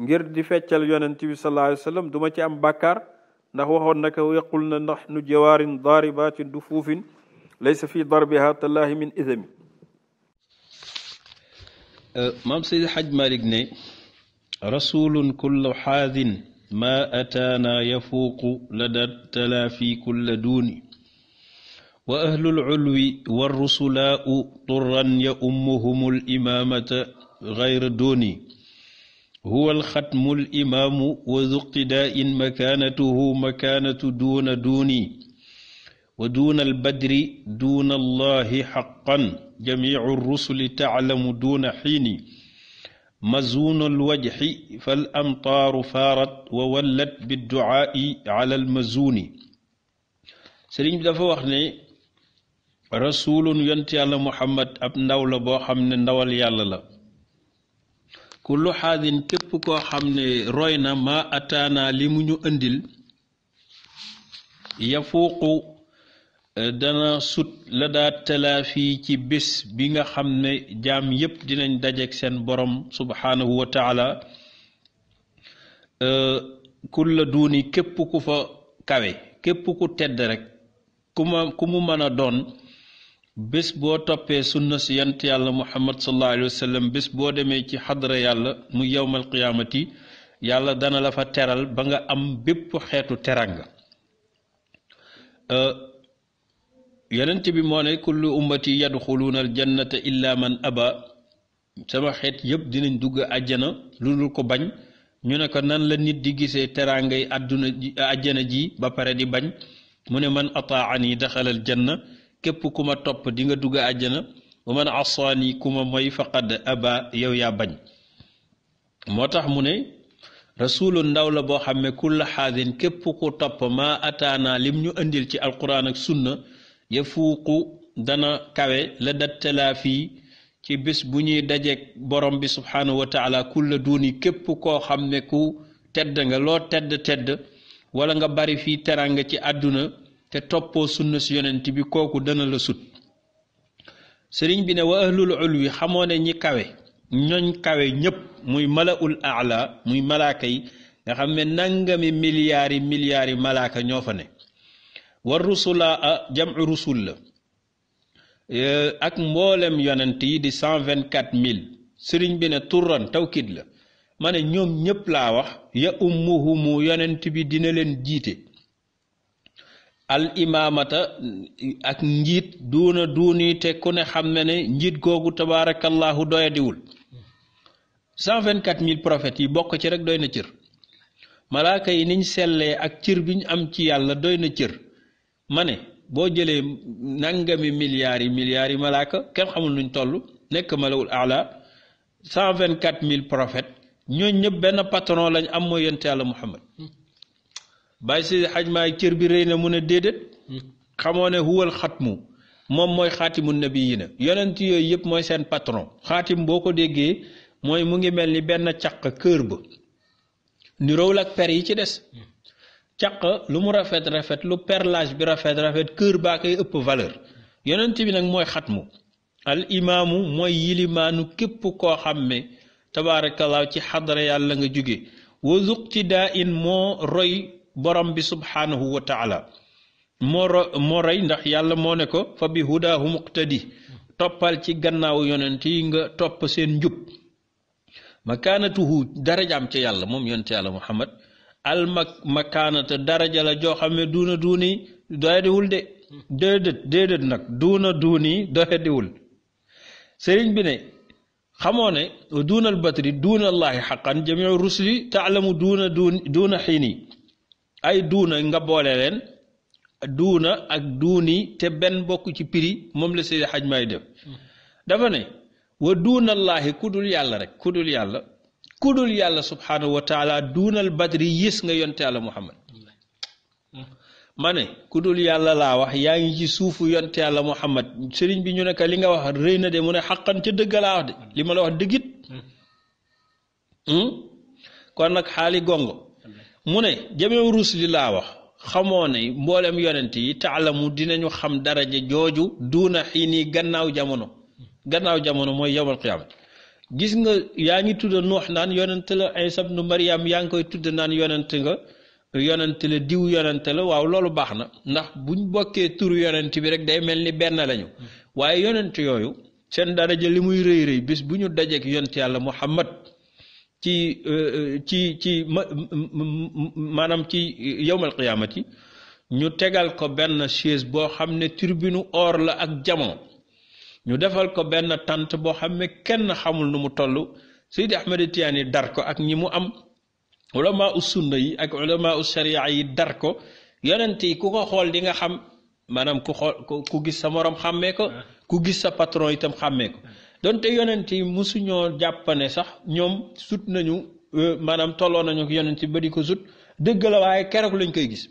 ngir di feccal yonent bi sallallahu alayhi wa ci am bàkkaar ndax waxoon naka yaqul na ndax nu jawaarin daaribatin du fuufin laysa fi darbiha tallahi min idami Euh, maam Seydi Xaj Malik ne rasulun kullu xaadin ma ataana yafuuqu lada talaafi kulla duuni wa ahlul ulwi wa rusulaau turran ya ummuhumul imaamata gayra duuni huwa alxatmu alimaamu wa zuqtidaa'in makaanatuhu makaanatu duuna duuni wa duuna albadri duuna allahi xaqan jamiicu rusuli taclamu duuna xiini mazuunu alwajxi fal amtaaru faarat wa wallat bidducaa'i cala almazuuni sëriñ bi dafa wax ne rasulun yont yàlla muhammad ab ndaw la boo xam ne ndawal yàlla la kullu xaadin képp koo xam ne royna na maa ataana li mu ñu Euh, dana sut la daa talaafi ci bés bi nga xam ne jaam yépp dinañ dajeek seen boroom subhaanahu wa taala euh, kulla duuni képp ku fa kawe képp ku tedd rekk ku ma mu mën doon bés boo toppee sunna si yant yàlla muhammad sallallahu alayhi wa boo demee ci xadra yàlla mu yowmal qiyaamati yàlla dana la fa teral ba nga am bépp xeetu teranga euh, yonent bi moo ne kullu ummati yadxuluuna aljannata illa man aba sama xeet yépp dinañ dugg àjjana lu dul ko bañ ñu ne ko nan la nit di gisee teraangay àdduna àjjana ji ba pare di bañ mu ne man ataani daxala aljanna képp ku ma topp di nga dugg àjjana wa man asaani ku ma moy faqad aba yow yaa bañ moo tax mu ne rasulu ndaw la boo xam ne kulla képp ku topp maa ataana lim ñu indil ci alquran ak sunna yafuuqu dana kawe la fii ci bés bu ñuy dajeeg borom bi subhanahu wa taala duuni képp koo xam ne ku tedd nga loo tedd tedd wala nga bari fii teranga ci àdduna te toppoo sunna si yonent bi kooku dana la sut sëriñ bi ne wa ahlul ulwi xamoo ne ñi kawe ñoñ kawe ñépp muy malaul ala muy malaaka yi nga xam ne nangami milliards yi milliards malaaka ñoo fa ne war rusulaa a jamcu rusul la ak mboolem yonent yi di cent vingt quatre mille sëriñ bi ne turan tawkit la ma ne ñoom ñépp laa wax ya ummuhumu yonent bi dina leen jiite al imaamata ak njiit duuna duuni te ku ne xam ne ne njiit googu tabaarakallaahu doyadiwul cent vingt quatre mille prophètes yi bokk ci rek doy na cër malaaka yi niñ sellee ak cër biñ am ci yàlla doy na cër ma ne boo jëlee nangami milliards yi milliards yi malaaka kenn xamul nuñ toll nekk malawul ala cent vingt quatre mille prophètes ñooñ ñëpp benn patron lañ am mooy yonent yàlla Muhammad bàyyi si xaj bi rëy na mu ne déedéet xamoo ne huwal xatmu moom mooy xaatimu nabi yi na yonent yooyu yëpp mooy seen patron xaatim boo ko déggee mooy mu ngi mel ni benn caq kër ba niroowul ak per yi ci des caq lu mu rafet rafet lu perlage bi rafet rafet kër baa koy ëpp valeur yonent bi nag mooy xat mu imaamu mooy yilimaanu képp koo xam ne ci xadara yàlla nga jóge wa zuqtidaa in moo roy borom bi subhaanahu wa moo roy ndax yàlla moo ne ko fa bi hudaahu muqtadi toppal ci gannaaw yonent yi nga topp seen njub makaanatuhu darajaam ca yàlla moom yonent yàlla muhammad almak makaanata daraja la joo xam ne duuna duuni doyadiwul de déedéet déedéet nag duuna duuni doyadiwul sëriñ bi ne xamoo ne duunal batri duuna allaahi xaqan jamiu rusli taalamu duuna duuni duuna xiini ay duuna nga boole leen duuna ak duuni te benn bokk ci prix moom la Seydi Xaj Maay def dafa ne wa duuna ku dul yàlla rek ku dul yàlla kudul yàlla subhanahu wa taala duunal badri yées nga yonte yàlla muhammad ma ne kudul yàlla laa wax yaa ngi ci suufu yonte yàlla muhammad sëriñ bi ñu nekk li nga wax rëy na de mu ne xaqan ca dëgg laa wax de li ma la wax dëggit hmm? kon nag xaali gongo mu ne jamew ruus li laa wax xamoo ne mboolem yonent yi taalamu dinañu xam daraja jooju duuna xii gannaaw jamono gannaaw jamono mooy yowmal qiyaamati gis nga yaa ngi tudd nuux naan yonente la sab nu Maryam yaa ngi koy tudd naan yonente nga yonente la diw yonente la waaw loolu baax na ndax bu ñu bokkee turu yonente bi rek day mel ni benn lañu waaye yonente yooyu seen daraja li muy rëy rëy bis bu ñu dajeek yonent yàlla Muhammad ci euh, euh, ci ci maanaam ci yowmal qiyaamati ñu tegal ko benn chaise boo xam ne turbinu or la ak jamono ñu defal ko benn tant boo xam ne kenn xamul nu mu toll de Ahmed Tidiane dar ko ak ñi mu am ulama u sunna yi ak ulama u sharia yi dar ko yonent yi ku ko xool di nga xam maanaam ku xool ku gis sa morom xàmmee ko ku gis sa patron itam xàmmee ko donte yonent yi mosuñoo jàppane sax ñoom sut nañu euh, maanaam tolloo nañu ak yonent yi ba di ko sut dëgg la waaye keroog lañ koy gis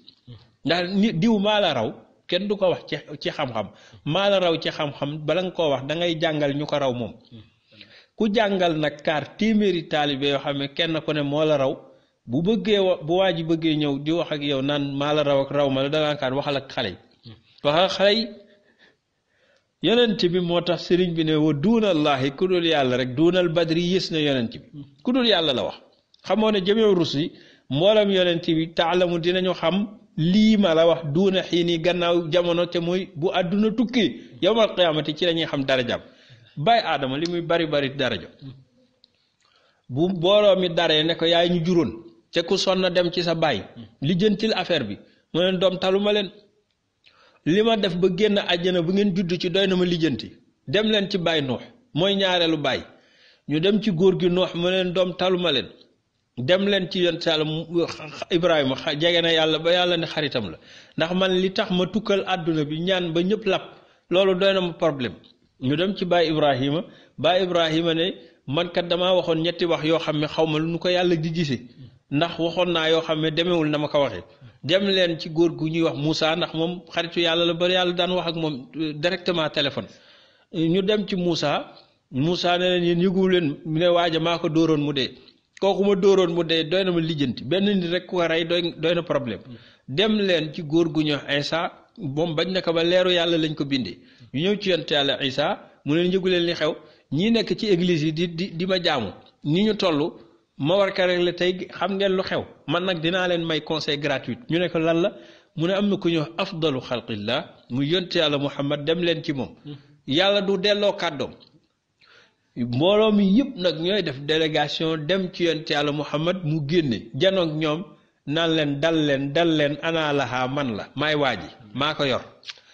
ndax diw maa la raw kenn du ko wax ci ci xam-xam maa la raw ci xam-xam bala nga koo wax dangay jàngal ñu ko raw moom ku jàngal nag kaar téeméeri taalibe yoo xam ne kenn ko ne moo la raw bu bëggee bu waa ji bëggee ñëw di wax ak yow naan maa la raw ak raw ma la dalankaan waxal ak xale yi waxal xale yi yonent bi moo tax sëriñ bi ne wa duunallaahi ku dul yàlla rek duunal badri yées na yonent bi ku dul yàlla la wax xamoo ne jëmeew rus yi mboolam yonent bi taalamu dinañu xam lii ma la wax duuna xiini gannaaw jamono te muy bu àdduna tukki yowmal qiyaamati ci lañuy xam darajam baay aadama li muy bari bari daraja bu booloo mi daree ne ko yaay ñu juróon te ku sonn dem ci sa baay lijjantil affaire bi mu leen doom taluma leen li ma def ba génn àjjana bu ngeen juddu ci doy na ma lijjanti dem leen ci baay nuux mooy ñaareelu baay ñu dem ci góor gi nuux mu leen doom taluma leen dem leen ci yonent yàlla Ibrahima jege na yàlla ba yàlla ne xaritam la ndax man li tax ma tukkal àdduna bi ñaan ba ñëpp lapp loolu doy na ma problème ñu dem ci baay Ibrahima baay Ibrahima ne man kat damaa waxoon ñetti wax yoo xam ne xaw ma lu nu ko yàlla di gisee ndax waxoon naa yoo xam ne demewul na ma ko waxee dem leen ci góor gu ñuy wax Moussa ndax moom xaritu yàlla la ba yàlla daan wax ak moom euh, directement téléphone ñu dem ci Moussa Moussa ne leen yéen yëgu leen ne waaja maa ko dóoroon mu dee. kooku ma dóoroon mu de doy na ma lijjanti benn nit rek ku ko rey doy na problème dem leen ci góor gu ñëw Isa moom bañ na ko ba leeru yàlla lañ ko bindee ñu ñëw ci yonent yàlla Isa mu leen yëgu leen li xew ñii nekk ci église yi di di di ma ni ñu toll ma war rek la tey xam ngeen lu xew man nag dinaa leen may conseil gratuit ñu ne ko lan la mu ne am na ku ñëw afdalu xalqillah mu yont yàlla mu Muhammad dem leen ci moom hmm. yàlla du delloo kàddoom mbooloo mi yëpp nag ñooy def délégation dem ci yonent yàlla Muhammad mu génne janoog ñoom naan leen dal leen dal leen ana man la maay waa ji maa ko yor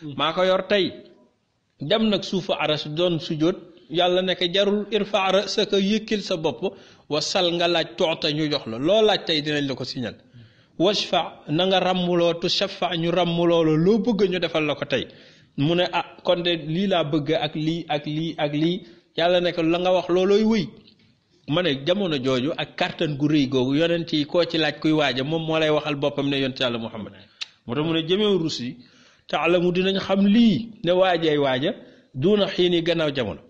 hmm. maa ko yor tey dem nag suufu aras doon sujjóot yàlla nekk jarul irfa ra'saka yëkkil sa bopp wa sal nga laaj toota ñu jox la loo laaj tey dinañ la ko signal washfa na nga ràmmuloo tu shafa ñu ràmmuloo la loo bëgg ñu defal la ko tey mu ne ah kon lii laa bëgg ak lii ak lii ak lii yàlla ne la nga wax loolooy wéy ma ne jamono jooju ak kàttan gu réy googu yonent yi koo ci laaj kuy waaja moom moo lay waxal boppam ne yonent yàlla Muhammad moo tax mu ne jëmeew rus yi taalamu dinañ xam lii ne waajay waaja duuna xiini gannaaw jamono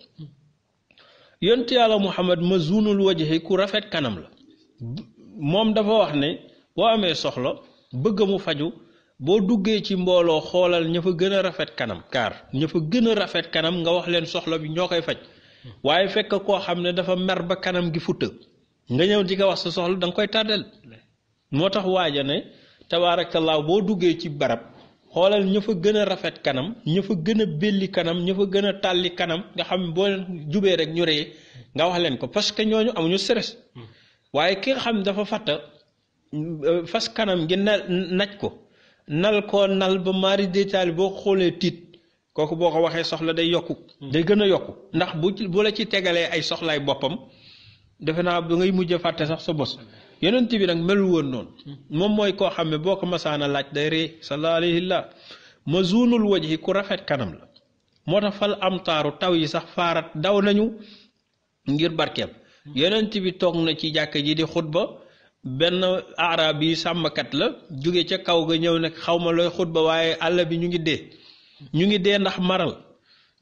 yonent yàlla Muhammad ma zuunul wajhi ku rafet kanam la moom dafa wax ne boo amee soxla bëgg mu faju boo duggee ci mbooloo xoolal ña fa gën a rafet kanam kaar ña fa gën a rafet kanam nga wax leen soxla bi ñoo koy faj waaye fekk koo xam ne dafa mer ba kanam gi futa nga ñëw di ko wax sa soxla da nga koy tàddal moo tax waaja ne tabaarakallaahu boo duggee ci barab xoolal ña fa gën a rafet kanam ña fa gën a belli kanam ña fa gën a tàlli kanam nga xam boo leen jubee rek ñu ree nga wax leen ko parce que ñooñu amuñu stress waaye ki nga xam dafa fatta fas kanam gi na naj ko nal koo nal ba mari détail boo xoolee tiit kooku boo ko waxee soxla day yokku hmm. day gën a yokku ndax bu bu la ci tegalee ay soxlaay boppam defe naa ba ngay mujje fàtte sax sa bos yeneen bi nag melul woon noonu hmm. moom mooy koo xam ne boo ko masaana laaj day ree sallallahu alayhi wa ma zuunul yi ku rafet kanam la moo tax fal am taaru taw yi sax faarat daw nañu ngir barkeem hmm. yeneen bi toog na ci jàkk ji di xutba benn arab yi sàmmkat la jóge ca kaw ga ñëw nag xaw ma looy xutba waaye àll bi ñu ngi dee ñu ngi dee ndax maral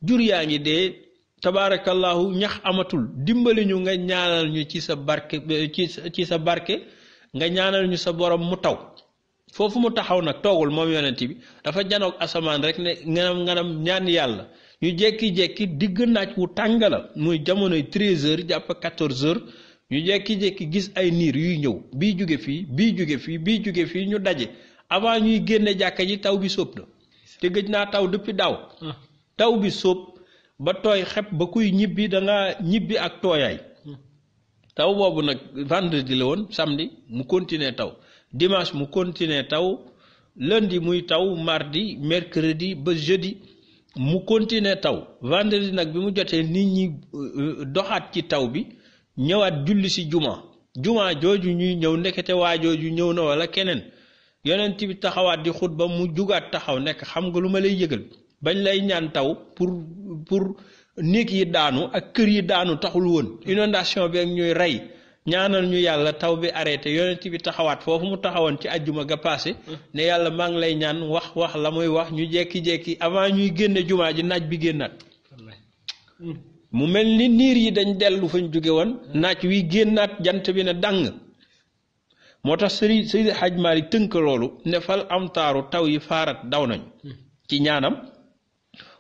jur yaa ngi dee tabaarakallahu ñax amatul dimbali ñu nga ñaanal ñu ci sa barke ci sa barke nga ñaanal ñu sa borom mu taw foofu mu taxaw nag toogul moom yonent bi dafa janoog asamaan rek ne nganam nganam ñaan yàlla ñu jekki-jekki digg naaj wu tàngala muy jamonoy treize heures jàpp quatorze ñu jekki-jekki gis ay niir yuy ñëw bii jóge fii bii jóge fii bii jóge fii ñu daje avant ñuy génne jàkka ji taw bi sóob na te gëj naa taw depuis daaw hmm. taw bi soob ba tooy xep ba kuy ñibbi da ñibbi ak tooyaay hmm. taw boobu nag vendredi la woon samedi mu continuer taw dimaas mu continuer taw lundi muy taw mardi mercredi ba jeudi mu continuer taw vendredi nag bi mu jotee nit ñi euh, doxaat ci taw bi ñëwaat julli ci juma juma jooju ñuy ñëw ndekete waa jooju ñëw na wala keneen yonent bi taxawaat di ba mu jugaat taxaw nekk xam nga lu ma lay yëgal bañ lay ñaan taw pour pour néeg yi daanu ak kër yi daanu taxul woon inondation bi ak ñuy rey ñaanal ñu yàlla taw bi arrêté yonent bi taxawaat foofu mu taxawoon ci ajjuma ga passé ne yàlla maa ngi lay ñaan wax wax la muy wax ñu jekki-jekki avant ñuy génne jumaa ji naaj bi génnaat mu mel ni niir yi dañ dellu fañ jóge woon hmm. naaj wi génnaat jant bi ne dàng moo tax sëriñ Seydi Haj Malik tënk loolu ne fal am taaru taw yi faarat daw nañ ci ñaanam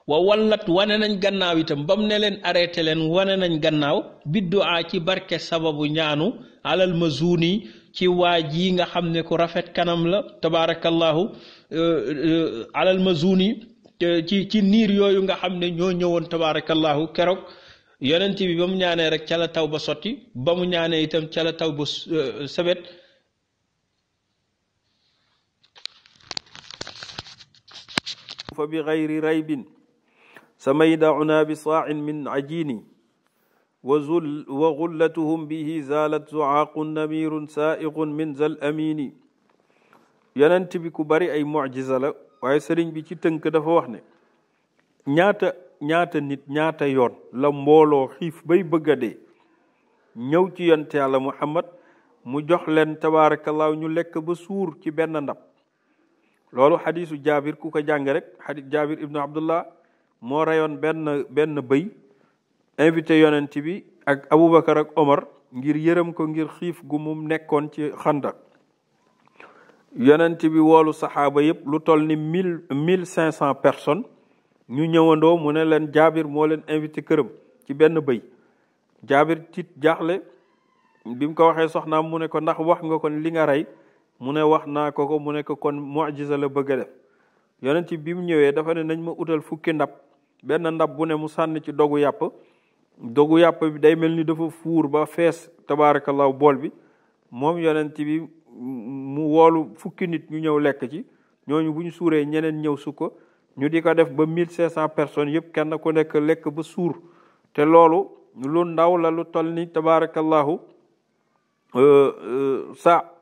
wa wallat wane nañ gannaaw itam ba mu ne leen arrêté leen wane nañ gannaaw biddu a ci barke sababu ñaanu alal ma zuuni ci waa ji nga xam ne ku rafet kanam la tabaarakallahu euh, euh, alal ma zuuni ci ci niir yooyu nga xam ne ñoo ñëwoon tabaarakallahu keroog yonent bi ba mu ñaanee rek ca la taw ba sotti ba mu ñaanee itam cala taw ba euh, sebet fa bi gayri raybin samay dauna bi saain min ajini wa zul wa gullatuhum zaalat zuaaqun namirun saaiqun min zal amini yonent bi ku bari ay mucjisa la waaye sëriñ bi ci tënk dafa wax ne ñaata ñaata nit ñaata yoon la mbooloo xiif bay bëgg a dee ñëw ci yonent yàlla mu jox leen tabaarakallaahu ñu lekk ba suur ci benn ndab loolu xadisu jaabir ku ko jàng rek xadis jaabir ibnu abdullah moo reyoon benn benn bëy invité yonent bi ak abubakar ak omar ngir yërëm ko ngir xiif gu mu nekkoon ci xandak yonent bi woolu saxaaba yëpp lu toll ni mille mille cinq cent personne ñu ñëwandoo mu ne leen jaabir moo leen invité këram ci benn bëy jaabir tiit jaaxle bi mu ko waxee soxnaam mu ne ko ndax wax nga ko li nga rey mu ne wax naa ko ko mu ne ko kon mujisa la bëgg a def yonent bi mu ñëwee dafa ne nañ ma utal fukki ndab benn ndab bu ne mu sànni ci dogu yàpp dogu yàpp bi day mel ni dafa fuur ba fees tabaarakallaahu bool bi moom yonent bi mu woolu fukki nit ñu ñëw lekk ci ñooñu bu ñu suuree ñeneen ñëw su ko ñu di ko def ba mille cinq cent personnes yëpp kenn ku nekk lekk ba suur te loolu lu ndaw la lu toll ni tabaarakallaahu euh, euh, sa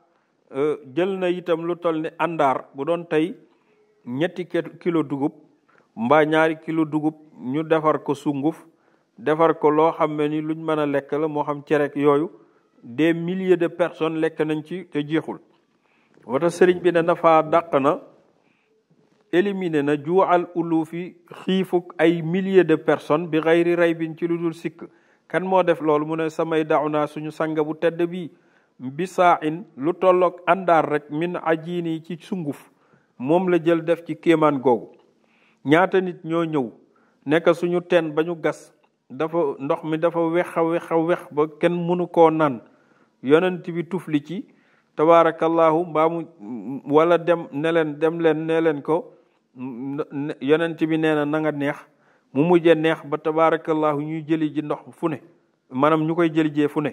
Euh, jël na itam lu toll ni àndaar bu doon tey ñetti kilo dugub mba ñaari kilo dugub ñu defar ko sunguf defar ko loo xam ne ni luñ mën a lekk la moo xam cereek yooyu des milliers de personnes lekk nañ ci te jeexul wata sëriñ bi ne nafa dàq na éliminer na juuxal ulufi xiifuk ay milliers de personnes bi xayri ray bin ci lu dul sikk kan moo def loolu mu ne samay daaw naa suñu sanga bu tedd bii bisaa in lu tolloog àndaar rek min ajiini ci sunguf moom la jël def ci kéemaan googu ñaata nit ñoo ñëw nekk suñu teen ba ñu gas dafa ndox mi dafa wex a wex ba kenn mënu koo naan yonent bi tufli ci tabaarakallahu mbaa mu wala dem ne leen dem leen ne leen ko yonent bi nee na na nga neex mu mujje neex ba tabaarakallahu ñuy jëli ji ndox fu ne maanaam ñu koy jëli jee fu ne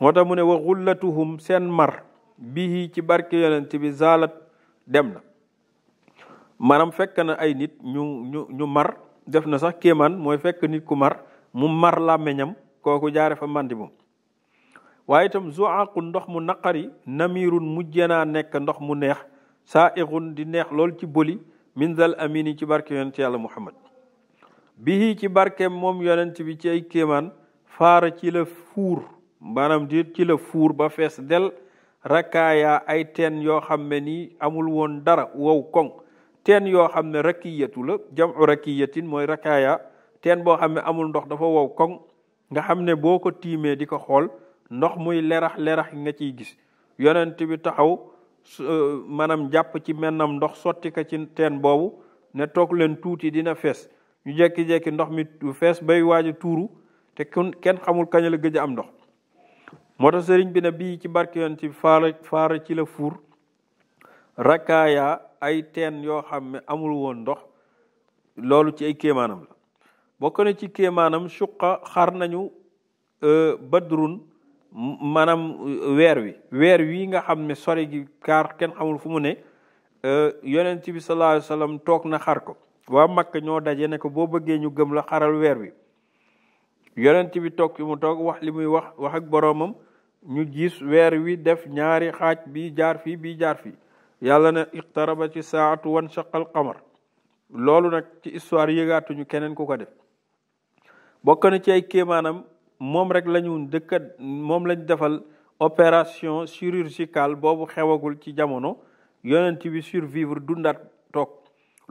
moo tax mu ne wa xullatuhum seen mar bihi ci barke yonent bi zaalat dem na maanaam fekk na ay nit ñu mar def na sax kéemaan mooy fekk nit ku mar mu mar làmmiñam kooku jaare fa mandi moom waaye itam zuaqu ndox mu naqari namirun mujje naa nekk ndox mu neex saa iqun di neex lool ci boli min amini ci barke yonent yàlla muhammad bihi ci barkeem moom yonent bi ci ay kéemaan faara ci la fuur maanaam di ci la fuur ba fees del rakkaaya ay teen yoo xam ne nii amul woon dara wow koŋ teen yoo xam ne rakiyatu la jamu rakiyatin mooy rakkaaya teen boo xam ne amul ndox dafa wow koŋ nga xam ne boo ko tiimee di ko xool ndox muy lerax lerax nga ciy gis yonent bi taxaw euh, maanaam jàpp ci mennam ndox sotti ko ci teen boobu ne toog leen tuuti dina fees ñu jekki-jekki ndox mi fees bay waaj tuuru te kenn xamul kañ la gëj a am ndox moo tax sëriñ bi ne bi ci barke yoon ci faara ci la fuur rakkaaya ay teen yoo xam ne amul woon ndox loolu ci ay kéemaanam la bokk na ci kéemaanam suqa xar nañu euh, badrun maanaam euh, weer wi weer wi nga xam ne sori gi kaar kenn xamul fu mu ne euh, yonent bi sallallahu alayhi toog na xar ko waa Makka ñoo daje ne ko boo bëggee ñu gëm la xaral weer wi yonent bi toog fi mu toog wax li muy wax wax ak boroomam ñu gis weer wi def ñaari xaaj bi jaar fii bi jaar fi yàlla ne iqtaraba ci saatu wan shaqal loolu nag ci histoire yëgaatuñu keneen ku ko def bokk na ci ay kéemaanam moom rek la ñu dëkkat moom lañ defal opération chirurgicale boobu xewagul ci jamono yonent bi survivre dundaat toog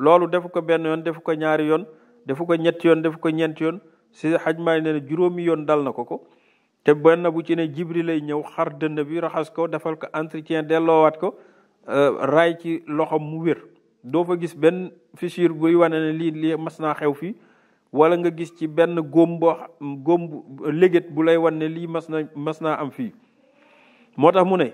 loolu defu ko benn yoon defu ko ñaari yoon defu ko ñetti yoon defu ko ñeenti yoon si xajmaay ne ne juróomi yoon dal na ko ko te benn bu ci ne jibri lay ñëw xar dënn bi raxas ko defal ko entretien delloowaat ko euh, raay ci loxom mu wér doo fa gis benn fissure buy wane ne lii lii mas naa xew fii wala nga gis ci benn góom boo góom léget bu lay wane lii mas na mas naa am fii moo tax mu ne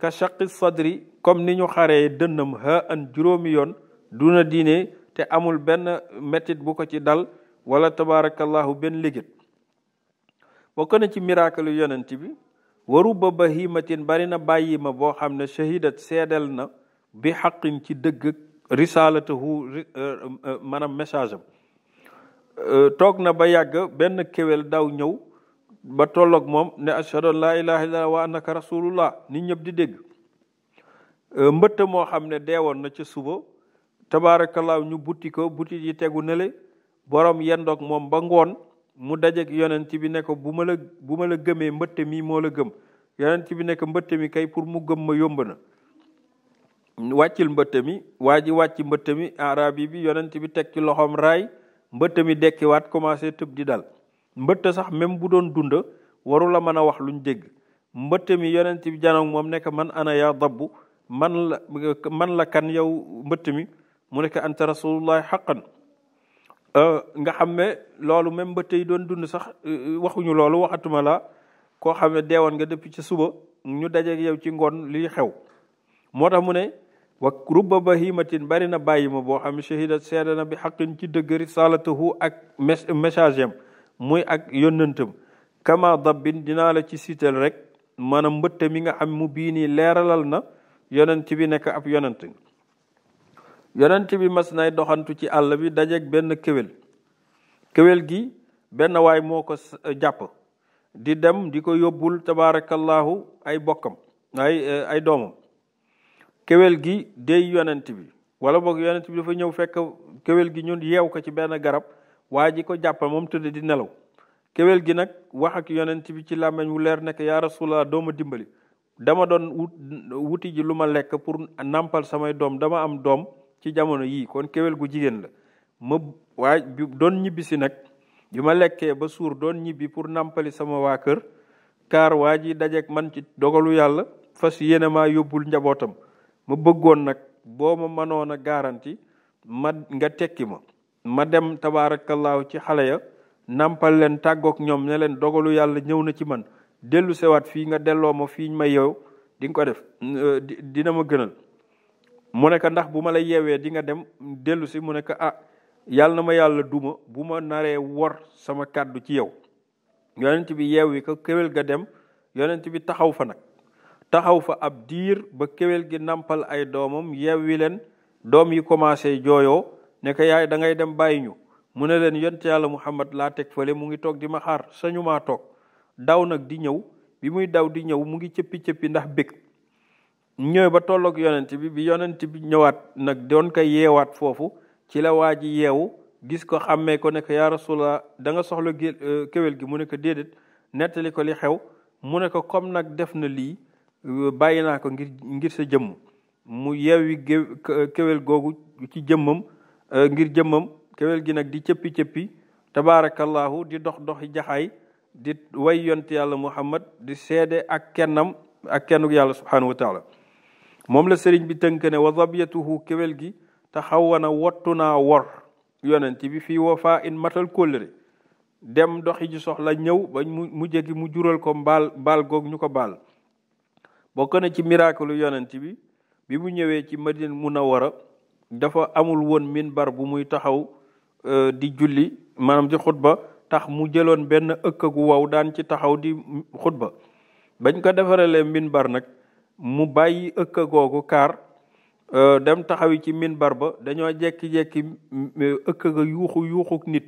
ka shaqi sadri comme ni ñu xaree dënnam ha an juróomi yoon duna diine te amul benn mettit bu ko ci dal wala tabaarakallahu benn léget bokk na ci miracle yu bi waru ba bahimatin bari na bàyyi ma boo xam ne shahidat seedel na bi xaqin ci dëgg risalatahu euh, euh, maanaam message am euh, toog na ba yàgg benn kéwél daw ñëw ba tolloog moom ne ashhadu laa ilaha illallah wa annaka rasulullah nit ñëpp di dégg mbëtt moo xam ne deewoon na ca suba tabaarakallaahu ñu butti ko yi tegu nele boroom yendoog moom ba ngoon mu dajeeg yonent bi ne ko bu ma la bu ma la gëmee mbëtt mi moo la gëm yonent bi nekk mbëtt mi kay pour mu gëm ma yomb na wàccil mbëtt mi waa ji wàcc mbëtt mi arabi bi yonent bi teg ci loxoom raay mbëtt mi dekkiwaat commencé tëb di dal mbëtt sax même bu doon dund warula la mën a wax luñ dégg mbëtt mi yonent bi janoog moom nekk man ana yaa dabbu man la kan yow mbëtt mi mu nekk ko anta rasulullahi xaqan Euh, nga xam loolu même ba tey doon dund sax euh, euh, waxuñu loolu waxatuma la koo xam ne deewoon nga depuis ca suba ñu dajeeg yow ci ngoon li xew moo tax mu ne wa rubba bahimatin bari na bàyyi ma boo xam ne shahida seede na bi xaqin ci dëgg risalatahu ak message am muy ak yónnantam kama dabbin dinaa la ci siital rek maanaam mbëtt mi nga xam mu bii nii leeralal na yonent bi nekk ab yonent yonent bi mas nay doxantu ci àll bi dajeeg benn kéwél kéwél gi benn waay moo ko eh, jàpp di dem di ko yóbbul tabaarakallahu ay bokkam ay eh, ay doomam kéwél gi dey yonent bi wala boog yonent bi dafa ñëw fekk kéwél gi ñun yeew ko ci benn garab waa ji ko jàpp moom tëdd di nelaw kéwél gi nag wax ak yonent bi ci làmmeñ wu leer nekk yaa rasulallah dooma dimbali dama doon wut wuti ji lu ma lekk pour nàmpal samay doom dama am doom ci jamono yii kon kéwél gu jigéen la ma waaye doon ñibbisi nag bi ma lekkee ba suur doon ñibbi pour nampali sama waa kër kaar waa ji dajeeg man ci dogalu yàlla fas yéene maa yóbbul njabootam ma bëggoon nag boo ma mënoon a garanti ma nga tekki ma ma dem tabaarakallaahu ci xale ya nàmpal leen tàggook ñoom ne leen dogalu yàlla ñëw na ci man dellu sewaat fii nga delloo ma fii ma yow di nga ko def dina ma gënal mu ne ndax bu ma la yeewee dinga dem dellu si mu ne ko ah yàlla na ma yàlla duma bu ma naree wor sama kàddu ci yow yonent bi yeewi ko kéwél ga dem yonent bi taxaw fa nag taxaw fa ab diir ba kéwél gi nàmpal ay doomam yeew yeewi leen doom yi commencé jooyoo ne yaay da ngay dem bàyyi ñu mu ne leen yonent yàlla Muhammad laa teg fële mu ngi toog di ma xaar sañu maa toog daw nag di ñëw bi muy daw di ñëw mu ngi cëppi cëppi ndax bëgg ñëw ba tolloog yonent bi bi yonent bi ñëwaat nag doon ko yeewaat foofu ci la waa ji yeewu gis ko xàmmee ko ne ko yaa rasulallah da soxla gé euh, kéwél gi mu ne ko déedéet nettali ko li xew mu ne ko comme nag def na lii euh, bàyyi naa ko ngir ngir sa jëmm mu yeewi kéwél googu ci jëmmam euh, ngir jëmmam kéwél gi nag di cëppi cëppi tabaarakallahu di dox doxi jaxaay di way yont yàlla muhammad di seede ak kennam ak kennuk yàlla subhanahu wa taala moom la sëriñ bi tënk ne wa zabiyatuhu kéwél gi taxawana wottu naa wor yonent bi fii fa in matal kóllëre dem doxi ji soxla ñëw ba mu mujje gi mu jural ko mbaal baal goog ñu ko baal bokk na ci miracle yonent bi bi mu ñëwee ci mun a munawara dafa amul woon minbar bu muy taxaw euh, di julli maanaam di xutba tax mu jëloon benn ëkk gu wow daan ci taxaw di xutba bañ ko defaralee minbar nag mu bàyyi ëkk googu kaar euh, dem taxawi ci minbar ba dañoo jekki-jekki euh, ëkk ga yuuxu yuuxuk nit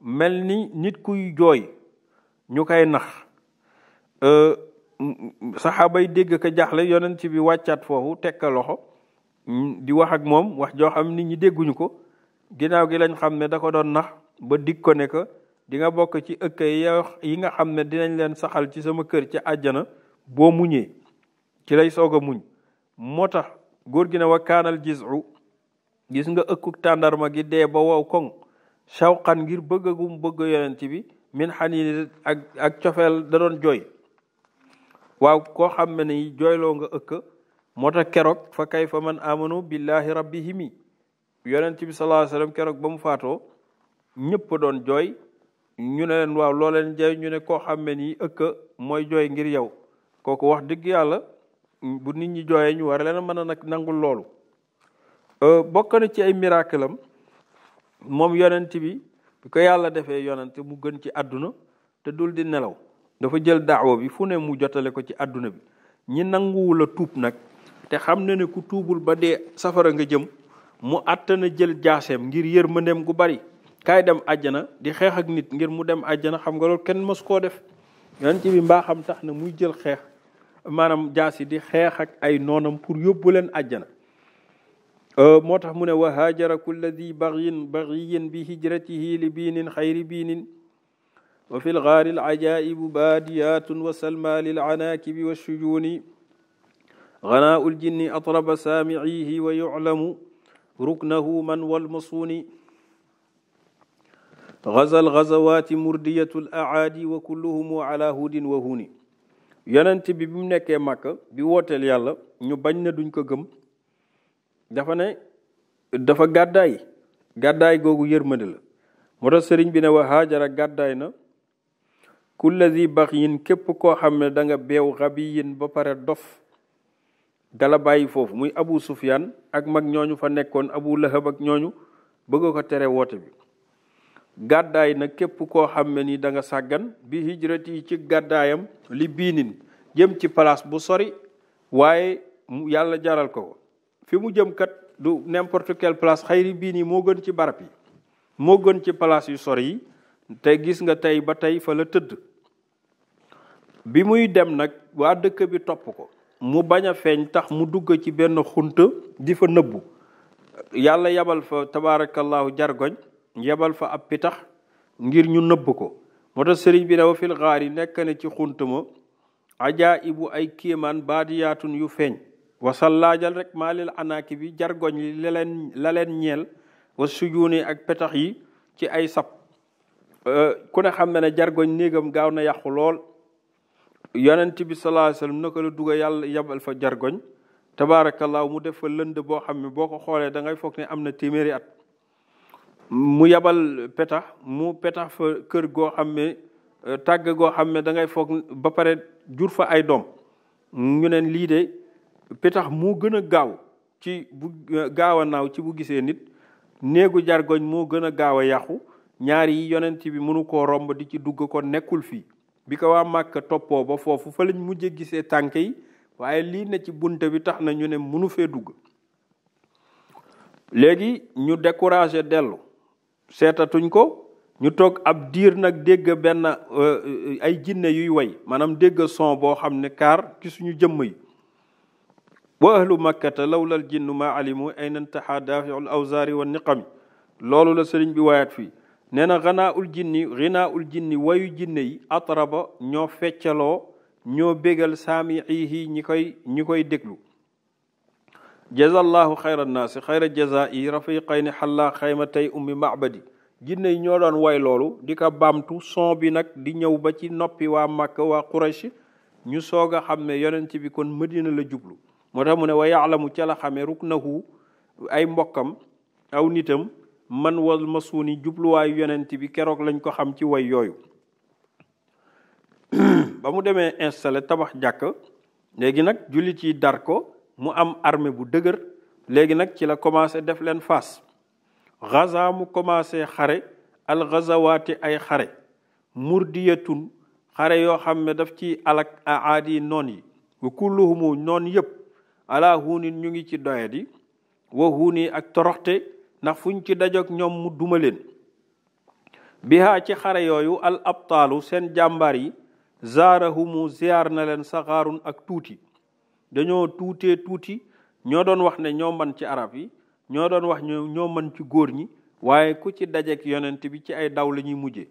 mel ni nit kuy jooy ñu koy nax euh, saxaaba yi dégg ko jaaxle yonent ci bi wàccaat foofu teg loxo di wax ak moom wax joo xam nit ñi dégguñu ko ginnaaw gi lañ xam ne da ko doon nax ba dig ko ne ko di nga bokk ci ëkk yi nga xam ne dinañ leen saxal ci sama kër ci àjjana boo muñee ci lay soog a muñ moo tax góor gi ne wa kaanal jisu gis nga ëkkuk tàndarma gi dee ba wow koŋ shawqan ngir bëgg gum bëgg yonent bi min xaniin ak ak cofeel da doon jooy waaw koo xam ne ni jooyloo nga ëkk moo tax keroog fa kay fa man amanu billahi rabbihimi yonent bi sallallahu keroog ba mu faatoo ñépp doon jooy ñu ne leen waaw loo leen ñu ne koo xam ne ni ëkk mooy jooy ngir yow kooku wax dëgg yàlla bu nit ñi jooyee ñu war leen a mën a nag nangu loolu euh, bokk na ci ay miracle moom yonent bi bi ko yàlla defee yonent mu gën ci àdduna te dul di nelaw dafa jël daawo bi fu ne mu jotale ko ci àdduna bi ñi nanguwula tuub nag te xam na ne ku tuubul ba dee safara nga jëm mu àttana jël jaaseem ngir yërmandeem gu bari kaay dem àjjana di xeex ak nit ngir mu dem àjjana xam nga loolu kenn mës koo def yonent bi mbaa xam tax na muy jël xeex maanaam jaas yi di xeex ak ay noonam pour yóbbu leen àjjana euh, moo tax mu ne wa haajara kulla di bagyin bagyin bi hijratihi li biinin xayri biinin wa fi lgaari alajaibu baadiyatun wa salma lilanaakibi wassujuuni غناء الجن أطرب سامعيه ويعلم ركنه من والمصون غزا الغزوات مردية الأعادي وكلهم على هود وهون yonent bi bi mu nekkee màkka bi wooteel yàlla ñu bañ na duñ ko gëm dafa ne dafa gàddaay gàddaay googu yërmande la moo sëriñ bi ne wa haajara gàddaay na ku kullazi bax yin képp koo xam ne danga nga beew xabi yin ba pare dof dala bàyyi foofu muy abu sufyaan ak mag ñooñu fa nekkoon abu lahab ak ñooñu bëgg ko tere woote bi gàddaay na képp koo xam ni danga sàggan bi hijrat yi ci gàddaayam li biinin jëm ci palaas bu sori waaye yàlla jaral ko fi mu jëmkat du n'importe quelle place xayri biin yi moo gën ci barab yi moo gën ci palaas yu sori yi te gis nga tey ba tey fa la tëdd bi muy dem nag waa dëkk bi topp ko mu bañ a feeñ tax mu dugg ci benn xunt di fa nëbbu yàlla yabal fa tabaarakallaahu jargoñ yebal fa ab pitax ngir ñu nëbb ko moo tax sëriñ bi dafa fil xaar yi nekk ne ci xuntuma ajaa ibu ay kéemaan baadiyaatun yu feeñ wasal laajal rek maalil anaaki bi jargoñ li laleen ñeel wa sujuuni ak petax yi ci ay sab ku ne xam ne ne jargoñ néegam gaaw na yàqu lool yonent bi sallallahu alayhi wasallam la duga yàlla yabal fa jargoñ tabaarakallaahu mu def fa lënd boo xam ne boo ko xoolee da ngay foog ne am na téeméeri at mu yabal petax mu petax fa kër goo xam ne euh, tàgg goo xam ne dangay foog ba pare jur fa ay doom ñu neen lii de petax mu gën a gaaw ci bu euh, gaaw a naaw ci bu gisee nit néegu jargoñ moo gën a gaaw a yàqu ñaar yi yonent bi mënu ko romb di ci dugg ko nekkul fii bi ko waa màkk toppoo ba foofu fa lañ mujje gisee tànk yi waaye lii ne ci bunte bi tax na ñu ne mënu fee dugg léegi ñu découragé dellu seetatuñ ko ñu toog ab diir nag dégg benn euh, euh, ay jinne yuy way maanaam dégg son boo xam ne kaar ci suñu jëmm yi wa ahlu makkata lawla al jinnu maa alimu ayna ntaxaa daafiul awzaari wa niqami loolu la sëriñ bi waayat fii nee na xanaa ul jinni xinaa ul jinni wayu jinne yi atraba ñoo feccaloo ñoo bégal saamiihi ñi koy ñi koy déglu jazallahu xayra naasi xayra jaza yi rafiqayni xallaa xayma tey ummi mabadi jinne yi ñoo doon woy loolu di ko baamtu son bi nag di ñëw ba ci noppi waa Makka waa Quraysh ñu soog a xam ne yonent bi kon Madina la jublu moo tax mu ne wa yaalamu ca la xamee ruknahu ay mbokkam aw nitam man wal suuni jubluwaayu yonent bi keroog lañ ko xam ci way yooyu ba mu demee installé tabax jàkk léegi nag jullit yi dar ko mu am armée bu dëgër léegi nag ci la commencé def leen face gaza mu commencé xare al gazawaati ay xare murdiyatun xare yoo xam ne daf ci alak aad yi noon yi wa kulluhumu noon yëpp ala huunin ñu ngi ci doyadi wa huuni ak toroxte ndax fuñ ci dajog ñoom mu duma leen bihaa ci xare yooyu al abtaalu seen jàmbaar yi zaarahumu ziyaar na leen saxaarun ak tuuti dañoo tuutee tuuti ñoo doon wax ne ñoo mën ci arab yi ñoo doon wax ñoo ñoo mën ci góor ñi waaye ku ci dajeek yonent bi ci ay daw lañuy ñuy mujje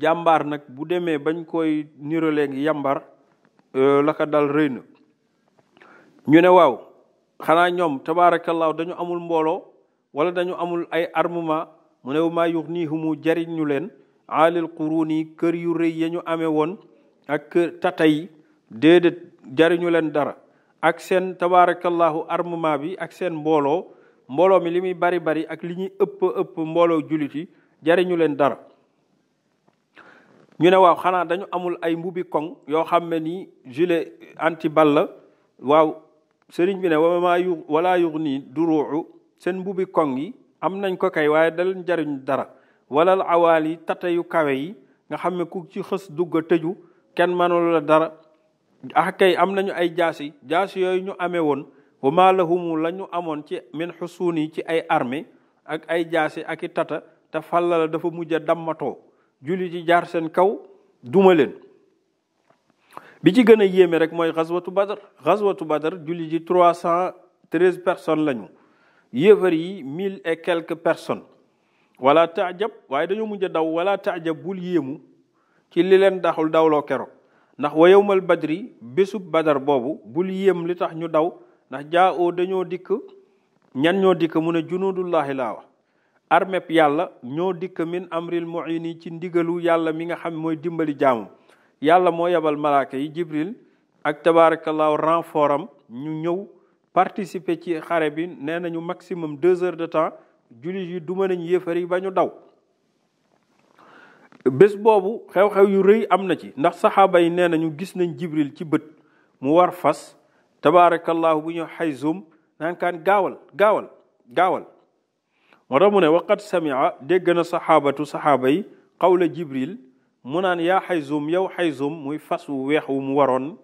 jàmbaar nag bu demee bañ koy niraleeg yàmbar euh, la ko dal rëy na ñu ne waaw xanaa ñoom tabaarakallaahu dañu amul mbooloo wala dañu amul ay armement mu ne ma yux niihumu jariñ ñu leen aalil quruni kër yu rëy ya ñu amee woon ak kër tata yi déedéet jariñu leen dara ak seen tabaarakallahu armement bi ak seen mbooloo mbooloo mi li muy bari bari ak li ñuy ëpp ëpp mbooloo jullit yi jariñu leen dara ñu ne waaw xanaa dañu amul ay mbubi koŋ yoo xam ne nii gilet anti-balle la waaw sëriñ bi ne wama yu wala yux nii duruuxu seen mbubi koŋ yi am nañ ko kay waaye da leen jariñu dara walal awaal yi tata yu kawe yi nga xam ne ku ci xës dugg a tëju kenn mënul dara ah kay am nañu ay jaasi jaasi yooyu ñu amee woon wa maa lahumu la amoon ci min xusuuni ci ay armée ak ay jaasi ak tata te fàllala dafa mujj a dammatoo julli ci jaar seen kaw duma leen bi ci gën a yéeme rek mooy xaswatu badar xaswatu yi julli trois cent treize personnes lañu yéefar yi mille et quelques personnes wala taajab waaye dañoo mujj a daw wala taajab bul yéemu ci li leen daxul dawloo keroog ndax wa yawmal badri bésub badar boobu bul yéem li tax ñu daw ndax jaa oo dañoo dikk ñan ñoo dikk mu ne junudullahi laa wax armeb yàlla ñoo dikk min amril muini ci ndigalu yàlla mi nga xam mooy dimbali jaamu yàlla moo yebal malaaka yi jibril ak tabaarakallaahu renfort am ñu ñëw participer ci xare bi nee nañu maximum deux heures de temps jullit yi duma nañu yéefar yi ba ñu daw bés boobu xew-xew yu rëy am na ci ndax saxaaba yi nee nañu gis nañ jibril ci bët mu war fas tabaarakallahu bu ñu xayzum naan kaan gaawal gaawal gaawal moo tax mu ne waqad samia dégg na saxaabatu saxaaba yi xawla jibril mu naan yaa xayzum yow xayzum muy fas wu weex wu mu waroon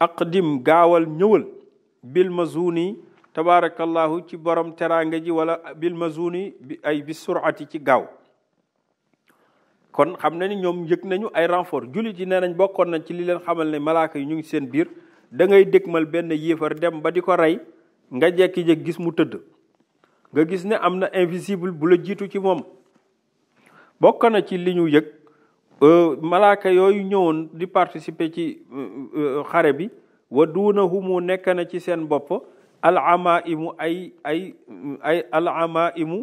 aqdim gaawal ñëwal bil mazuni tabaarakallahu ci borom teraanga ji wala bil mazuni bi ay bi surati ci gaaw kon xam na ni ñoom yëg nañu ay renfort jullit yi nee nañ bokkoon nañ ci li leen xamal ne malaaka yi ñu ngi seen biir dangay ngay mal benn yéefar dem ba di ko rey nga jekki-jekk gis mu tëdd nga gis ne am na invisible bu la jiitu ci moom bokk na ci li ñu yëg euh, malaaka yooyu ñëwoon di participer ci euh, euh, xare bi wa duunahumu nekk na ci seen bopp alama imu ay ay ay alama imu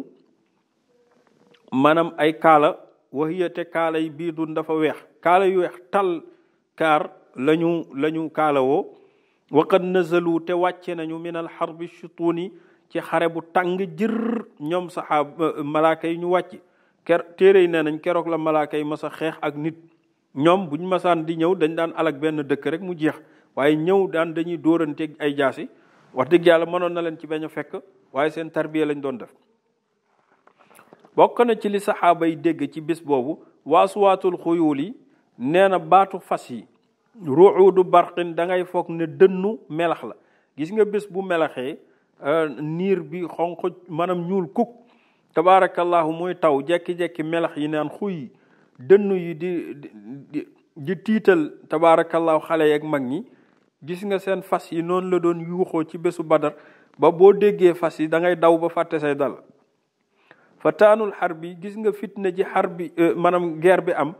maanaam ay kaala waxiya te kaala yi bii dun dafa weex kaala yu weex tal kaar lañu lañu kaala woo na nazalu te wàcce nañu min al xarbi shutuuni ci xare bu tàng jër ñoom saxaab euh, euh, malaaka yi ñu wàcc ker téere yi nee nañ keroog la malaaka yi masa xeex ak nit ñoom buñ masaan di ñëw dañ daan alak benn dëkk rek mu jeex waaye ñëw daan dañuy dóoranteeg ay jaasi wax dëgg yàlla mënoon na leen ci bañ a fekk waaye seen tarbiya lañ doon def bokk na ci li saxaaba yi dégg ci bis boobu waasuwaatul xuyuul yi nee na baatu fas yi ruudu barqin da ngay foog ne dënnu melax la gis nga bés bu melaxee euh, niir bi xonq maanaam ñuul kuk tabaarakallaahu muy taw jekki-jekki melax yi naan xuy dënnu yi di di tiital tabaarakallaahu xale yeeg mag ñi gis nga seen fas yi noonu la doon yuuxoo ci bésu badar ba boo déggee fas yi da ngay daw ba fàtte say dal fa taanul xar bi gis nga fitna ji xar bi euh, maanaam guerre bi am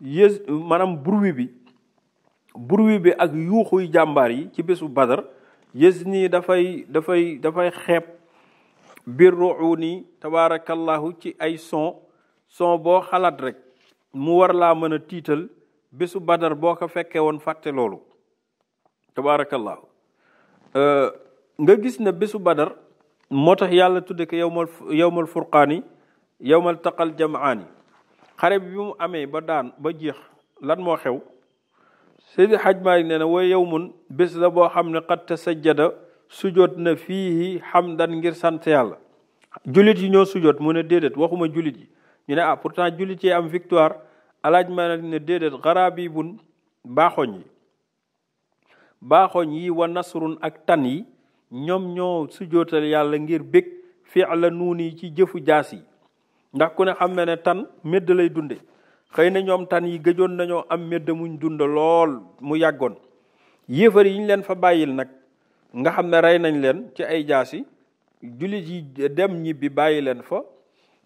yées maanaam bruit bi bruit bi ak yuuxuy jàmbaar yi ci bésu badar yées nii dafay dafay dafay xeeb biir ruuxu nii tabaarakallahu ci ay son son boo xalaat rek mu war laa mën a tiital bésu badar boo ko fekkee woon fàtte loolu tabaarakallahu euh, nga gis ne bésu badar moo tax yàlla tudde ko yowmal yowmal furqaani yowmal taqal jamaani xare bi mu amee ba daan ba jeex lan moo xew Seydi Haj Maalik nee na wa yowmun bés la boo xam ne xat sa tasajjada sujoot na fii xam xamdan ngir sant yàlla jullit yi ñoo sujoot mu ne déedéet waxuma jullit yi ñu ne ah pourtant jullit yi am victoire alaaj Maalik ne déedéet xaraabi bun baaxoñ yi baaxoñ yi wa nasrun ak tan yi ñoom ñoo sujjootal yàlla ngir bég fi'la nuun yi ci jëfu jaas yi ndax ku ne xam ne tan medd lay dunde xëy na ñoom tan yi gëjoon nañoo am medd muñ dund lool mu yàggoon yéefar yi ñu leen fa bàyyil nag nga xam ne rey nañ leen ci ay jaas yi jullit yi dem ñibbi bàyyi leen fa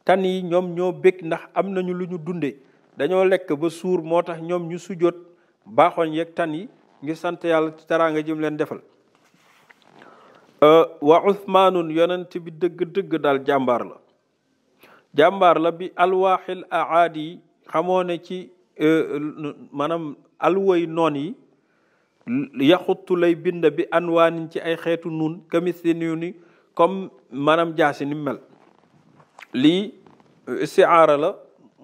tan yi ñoom ñoo bég ndax am nañu lu ñu dunde dañoo lekk ba suur moo tax ñoom ñu sujjoot baaxoon yeeg tan yi ngir sant yàlla ci teraanga jëm leen defal Euh, wa uthmaanun yonent bi dëgg-dëgg daal jàmbaar la jàmbaar la bi alwaaxil ahaad yi xamoo ci euh, euh, maanaam alway noon yi yaxuttu lay bind bi anwaanin ci ay xeetu nun kamisi ni comme maanaam jaasi ni mel lii siaara la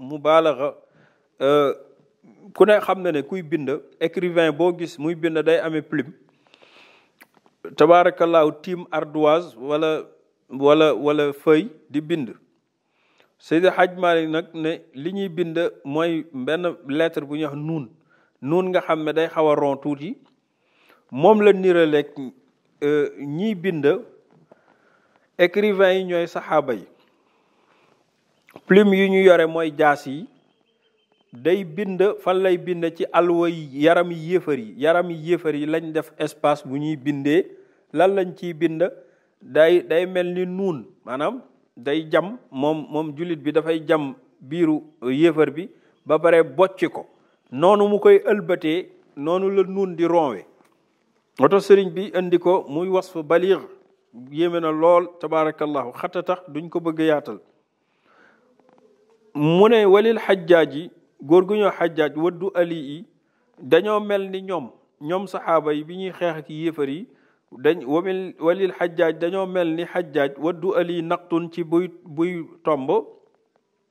mubaalaxa ku ne xam na ne kuy bind écrivain boo gis muy bind day amee plume tabaarakallaahu tiim ardoise wala wala wala feuille di bind Seydi Hajj Maalik nag ne li ñuy bind mooy benn lettre bu ñuy wax nuun nuun nga xam ne day xaw a rond tuuti moom la niraleeg euh, ñiy bind écrivain yi ñooy saxaaba yi plume yi ñu yore mooy jaas yi day bind fan lay bind ci alwa yaram yi yéefar yi yaram yi yéefar yi lañ def espace bu ñuy bindee lan lañ ciy bind day day mel ni nuun maanaam day jam moom moom jullit bi dafay jam biiru yéefar bi ba pare bocci ko noonu mu koy ëlbatee noonu la nuun di ronwe oto sëriñ bi indi ko muy wasf baliir yéeme na lool tabaarakallahu xatta tax duñ ko bëgg yaatal mu ne walil xajjaaji góor gu ñoo xajjaaj waddu ali yi dañoo mel ni ñoom ñoom saxaaba yi bi ñuy xeex ak yéefar yi dañ wamil walil dañoo mel ni xajaaj waddu ali naqtun ci buy buy tomb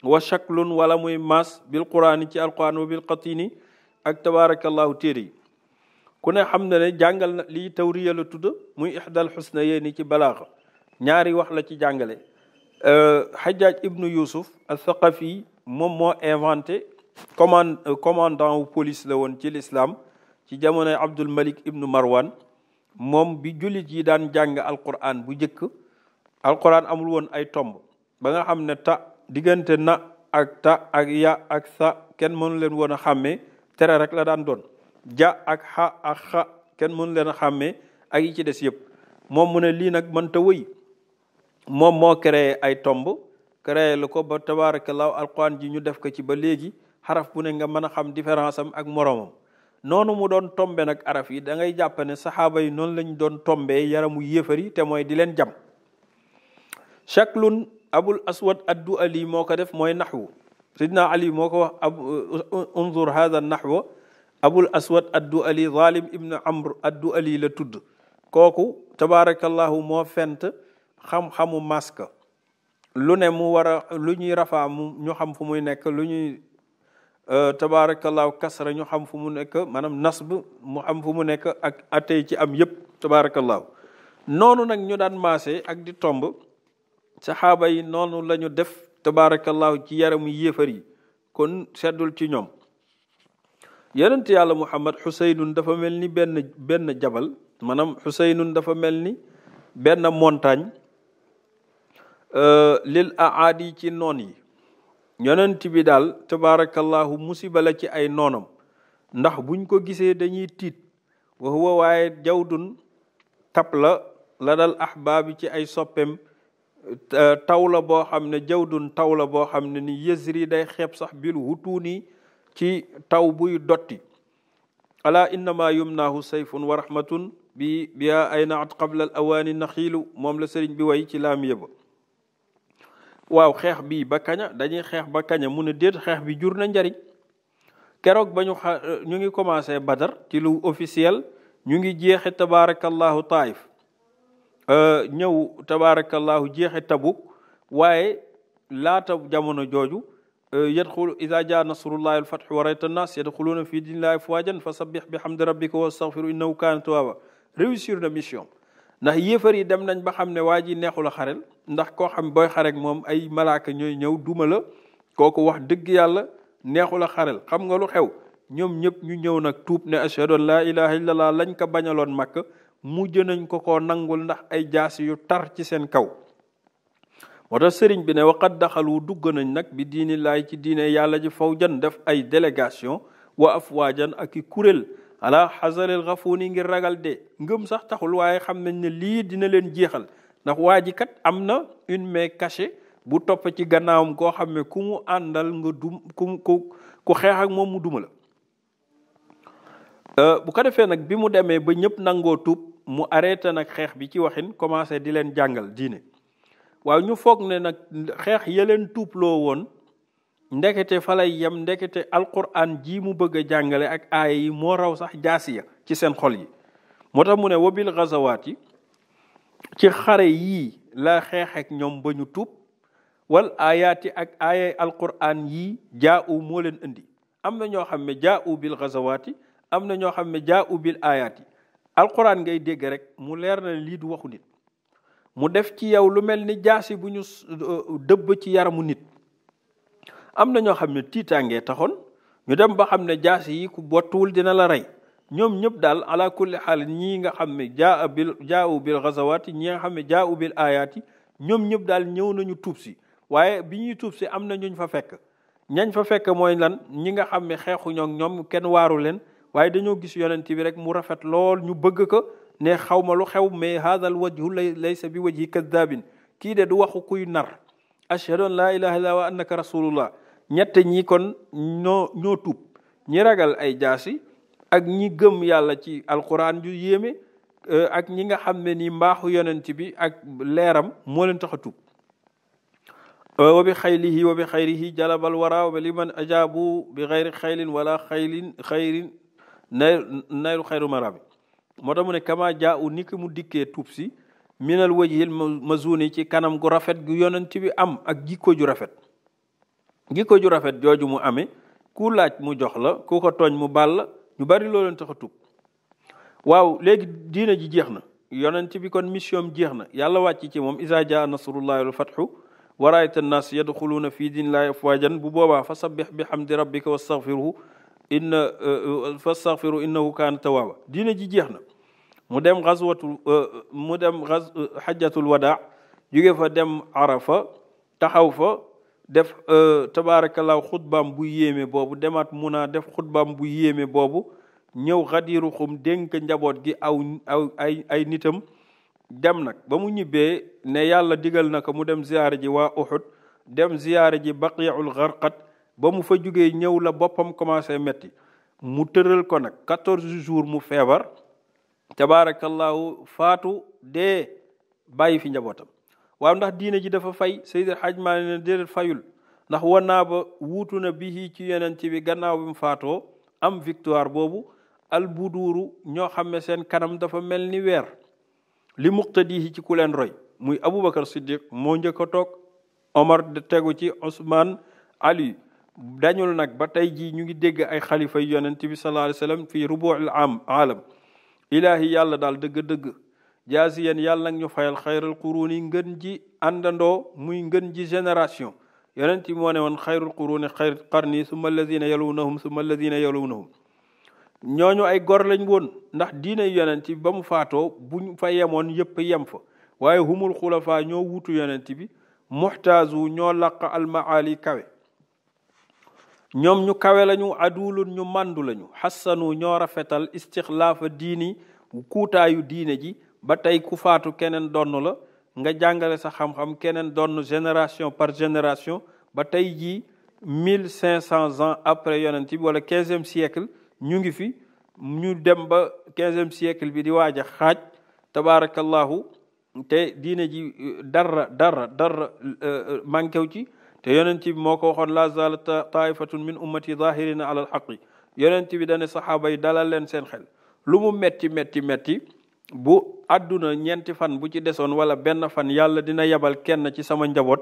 wa shaklun wala muy maas bil quraani ci alquran wa bil qatini ak tabaarakallahu téere yi ku ne xam na ne jàngal na lii tawriya la tudd muy ixdal xusna yéeni ci balaax ñaari wax la ci jàngale xajjaaj euh, ibnu yusuf al thaqafi moom moo inventé command euh, commandant wu police la woon ci lislaam ci jamonoy Abdul Malik ibnu Marwan moom bi jullit yi daan jàng alquran bu njëkk alquran amul woon ay tomb ba nga xam ne ta diggante na ak ta ak ya ak sa kenn mënu woon a xàmmee tere rek la daan doon ja ak xa ak xa kenn mënu leen a xàmmee ak yi ci des yëpp moom mu ne lii nag mënta wëy moom moo créé ay tomb créé lu ko ba tabaarakallaahu alquran ji ñu def ko ci ba léegi xaraf bu ne nga mën a xam différence am ak moroomam noonu mu doon tombe nag araf yi dangay ngay jàpp ne saxaaba yi noonu lañ doon tombe yaramu yéefar yi te mooy di leen jam chaklun abul aswad addu ali moo ko def mooy naxwu sidna ali moo ko wax ab unzur hada naxwa abul aswad addu ali zalim ibnu amr addu ali la tudd kooku tabaarakallahu moo fent xam-xamu maska lu ne mu war lu ñuy rafaa mu ñu xam fu muy nekk lu ñuy Euh, tabaarakallaahu kasra ñu xam fu mu nekk maanaam nasb mu xam fu mu nekk ak atey ci am yëpp tabaarakallaahu noonu nag ñu daan maase ak di tomb saxaaba yi noonu lañu def tabaarakallaahu ci yaramu yéefar yi kon seddul ci ñoom yonent yàlla muhammad xuseynun dafa mel ni benn benn jabal maanaam xuseynun dafa mel ni benn montagne euh, lil aadi ci noon yi yonent bi daal tabaarakallahu musiba la ci ay noonam ndax buñ ko gisee dañuy tiit wa huwa waaye jawdun tab la la dal ahbaabi ci ay soppem taw la boo xam ne jawdun taw la boo xam ne ni yëzri day xeeb sax bil wutuuni ci taw buy dotti ala innama yumnaahu sayfun wa rahmatun bi biya ay naat qabla al awaani naxiilu moom la sëriñ bi way ci laam yëba waaw xeex bi ba kaña dañuy xeex ba kaña mun a déet xeex bi jur na njariñ keroog ba ñu xa euh, ñu ngi commencé badar ci lu officiel ñu ngi jeexe tabaarakallahu taayif euh, ñëw tabaarakallahu jeexe tabuk waaye laata jamono jooju euh, yadxulu ida jaa nasrullahi alfatxu wa rayta annas yadxuluuna fi dinillahi afwajan fa bi bihamdi rabbika wastaxfiru u kaana tawaaba réussir na mission ndax yéefar yi dem nañ ba xam ne waa ji neexul a xarel ndax koo xam booy xarek moom ay malaaka ñooy ñëw duma la kooku wax dëgg yàlla neexul a xarel xam nga lu xew ñoom ñëpp ñu ñëw nag tuub ne ashhadu lañ ko bañaloon màkk mujj nañ ko koo nangul ndax ay jaasi yu tar ci seen kaw moo sëriñ bi ne waqat daxalu dugg nañ nag bi diini laay ci diine yàlla ji faw jan def ay délégation wa afwaajan ak i kuréel ala xasalil xafuuni ngir ragal de ngëm sax taxul waaye xam nañ ne lii dina leen jeexal ndax waa ji kat am na une mais cachée bu topp ci gannaawam koo xam ne ku mu àndal nga dum ku ku ku xeex ak moom mu duma la euh, bu ko defee nag bi mu demee ba ñëpp nangoo tuub mu arrêté nag xeex bi ci waxin commencé di leen jàngal diine waaw ñu foog ne nag xeex ya leen tuubloo woon ndekete fa lay yem ndekete alquran ji mu bëgg a jàngale ak aaya yi moo raw sax jaasiya ci seen xol yi moo tax mu ne wobil gazawaat yi ci xare yii la xeexeek ñoom ba ñu tuub wal ayaati ak aayay alquran yii jaa u moo leen indi am na ñoo xam ne jaa u bil am na ñoo xam ne jaa u bil ayaati alquran ngay dégg rek mu leer na lii du waxu nit mu def ci yow lu mel ni jaasi bu ñu dëbb ci yaramu nit am na ñoo xam ne tiitaangee taxoon ñu dem ba xam ne jaas yi ku bottuwul dina la rey ñoom ñëpp daal alaakul kulli xaal ñii nga xam ne jaa bil jaau bil xazawaati ñi nga xam ne jaau bil ayaati ñoom ñëpp daal ñëw nañu tuub si waaye bi ñuy tuub si am na ñuñ fa fekk ñañ fa fekk mooy lan ñi nga xam ne xeexuñoo ñoom kenn waaru leen waaye dañoo gis yonent bi rek mu rafet lool ñu bëgg ko ne xaw ma lu xew mais haadal wajhu laysa bi wajhi kaddaabin kii de du waxu kuy nar ashhadu an laa ilaha illa wa annaka ñett ñi kon ñoo ñoo tuub ñi ragal ay jaasi ak ñi gëm yàlla ci alquran ju yéeme euh, ak ñi nga xam ne ni mbaaxu yonent bi ak leeram moo leen tax a tuub euh, wa bi xaylihi wa bi xayrihi jalabal wara wa liman ajaabu bi xayri xaylin wala xaylin xayrin nayru xayru marabi moo tax mu ne kama jaau ni ki mu dikkee tuub si minal wajhil mazuni ci kanam gu rafet gu yonent bi am ak jikko ju rafet jikko ju rafet jooju mu amee ku laaj mu jox la ku ko tooñ mu baal la ñu bari loo leen tax a tuub waaw léegi diina ji jeex na yonent bi kon mission jeex na yàlla wàcc ci moom isa jaa nasrullahi wal fathu wa raayta nnaas yadxuluuna fi diinillahi afwaajan bu boobaa fa sabbix bi xamdi rabbika wastaxfirhu inna euh, fastaxfiru innahu kaana tawaaba diina ji jeex na mu dem xaswatu euh, dem xas xajjatul euh, wadaa jóge fa dem arafa taxaw fa def euh, tabaarakallaahu xutbaam bu yéeme boobu demaat munaa def xutbaam bu yéeme boobu ñëw xadiru xum dénk njaboot gi aw aw ay ay nitam dem nag ba mu ñibbee ne yàlla digal na ko mu dem ziyaare ji wa Uhud dem ziyaare ji baqiul xarqat ba mu fa jógee ñëw la boppam commencé metti mu tëral ko nag quatorze jours mu feebar tabaarakallaahu faatu dee bàyyi fi njabootam waaw ndax diine ji dafa fay Seydil Hadj Malick ne fayul ndax wan naa ba wuutu na bi ci yonent bi gannaaw bi mu faatoo am victoire boobu albuduuru ñoo xam ne seen kanam dafa mel ni weer li muqtadihi ci ku leen roy muy Aboubacar Siddiq moo njëkk a toog Omar de tegu ci Ousmane Ali dañul nag ba tey jii ñu ngi dégg ay xalifa yonent bi sallallahu alayhi wa sallam fii rubu'il am alam ilaahi yàlla daal dëgg-dëgg jaasi yéen yàlla nag ñu fayal xayrul quruni ngën ji àndandoo muy ngën ji génération yonent bi moo ne woon xayrul quruni xayr qarni summa alladina yalunahum summa alladina yalunahum ñooñu ay gor lañ woon ndax diine yonent bi ba mu faatoo ñu fa yemoon yëpp yem fa waaye humul xulafa ñoo wutu yonent bi muxtaazu ñoo laq almaali kawe ñoom ñu kawe lañu adulun ñu màndu lañu xassanu ñoo rafetal istixlaafa diini kuutaayu diine ji ba tey ku faatu keneen donn la nga jàngale sa xam-xam keneen donn génération par génération ba tey jii mille cinq cents ans après yonent bi wala quinzième siècle ñu ngi fi ñu dem ba quinzième siècle bi di waaj xaaj tabaarakallahu te diine ji euh, dara dara dara euh, manquew ci te yonent bi moo ko waxoon la zalat taifatun min ummati zahirina ala alxaqi yonent bi dane saxaaba yi dalal leen seen xel lu mu metti metti metti bu àdduna ñeenti fan bu ci desoon wala benn fan yàlla dina yebal kenn ci sama njaboot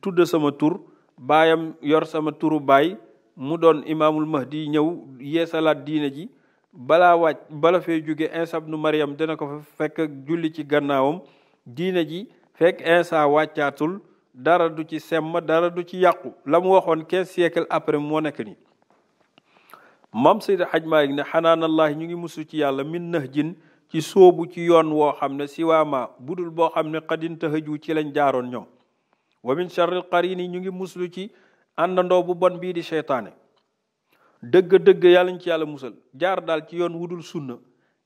tudd sama tur baayam yor sama turu baay mu doon imaamul mahdi ñëw yeesalaat diine ji balaa wàcc bala fee jóge insa nu mariam dina ko fa fekk julli ci gannaawam diine ji fekk insa wàccaatul dara du ci semma dara du ci yàqu la mu waxoon quinze siècle après moo nekk ni mam sayda haj malik ne xanaanallaahi ñu ngi mësul ci yàlla min jin ci soobu ci yoon woo xam ne siwaama bu dul boo xam ne xadin tahëju ci lañ jaaroon ñoom wa min charril ñu ngi musalu ci àndandoo bu bon bii di seytaane dëgg-dëgg yàlla ñu ci yàlla musal jaar daal ci yoon wudul sunna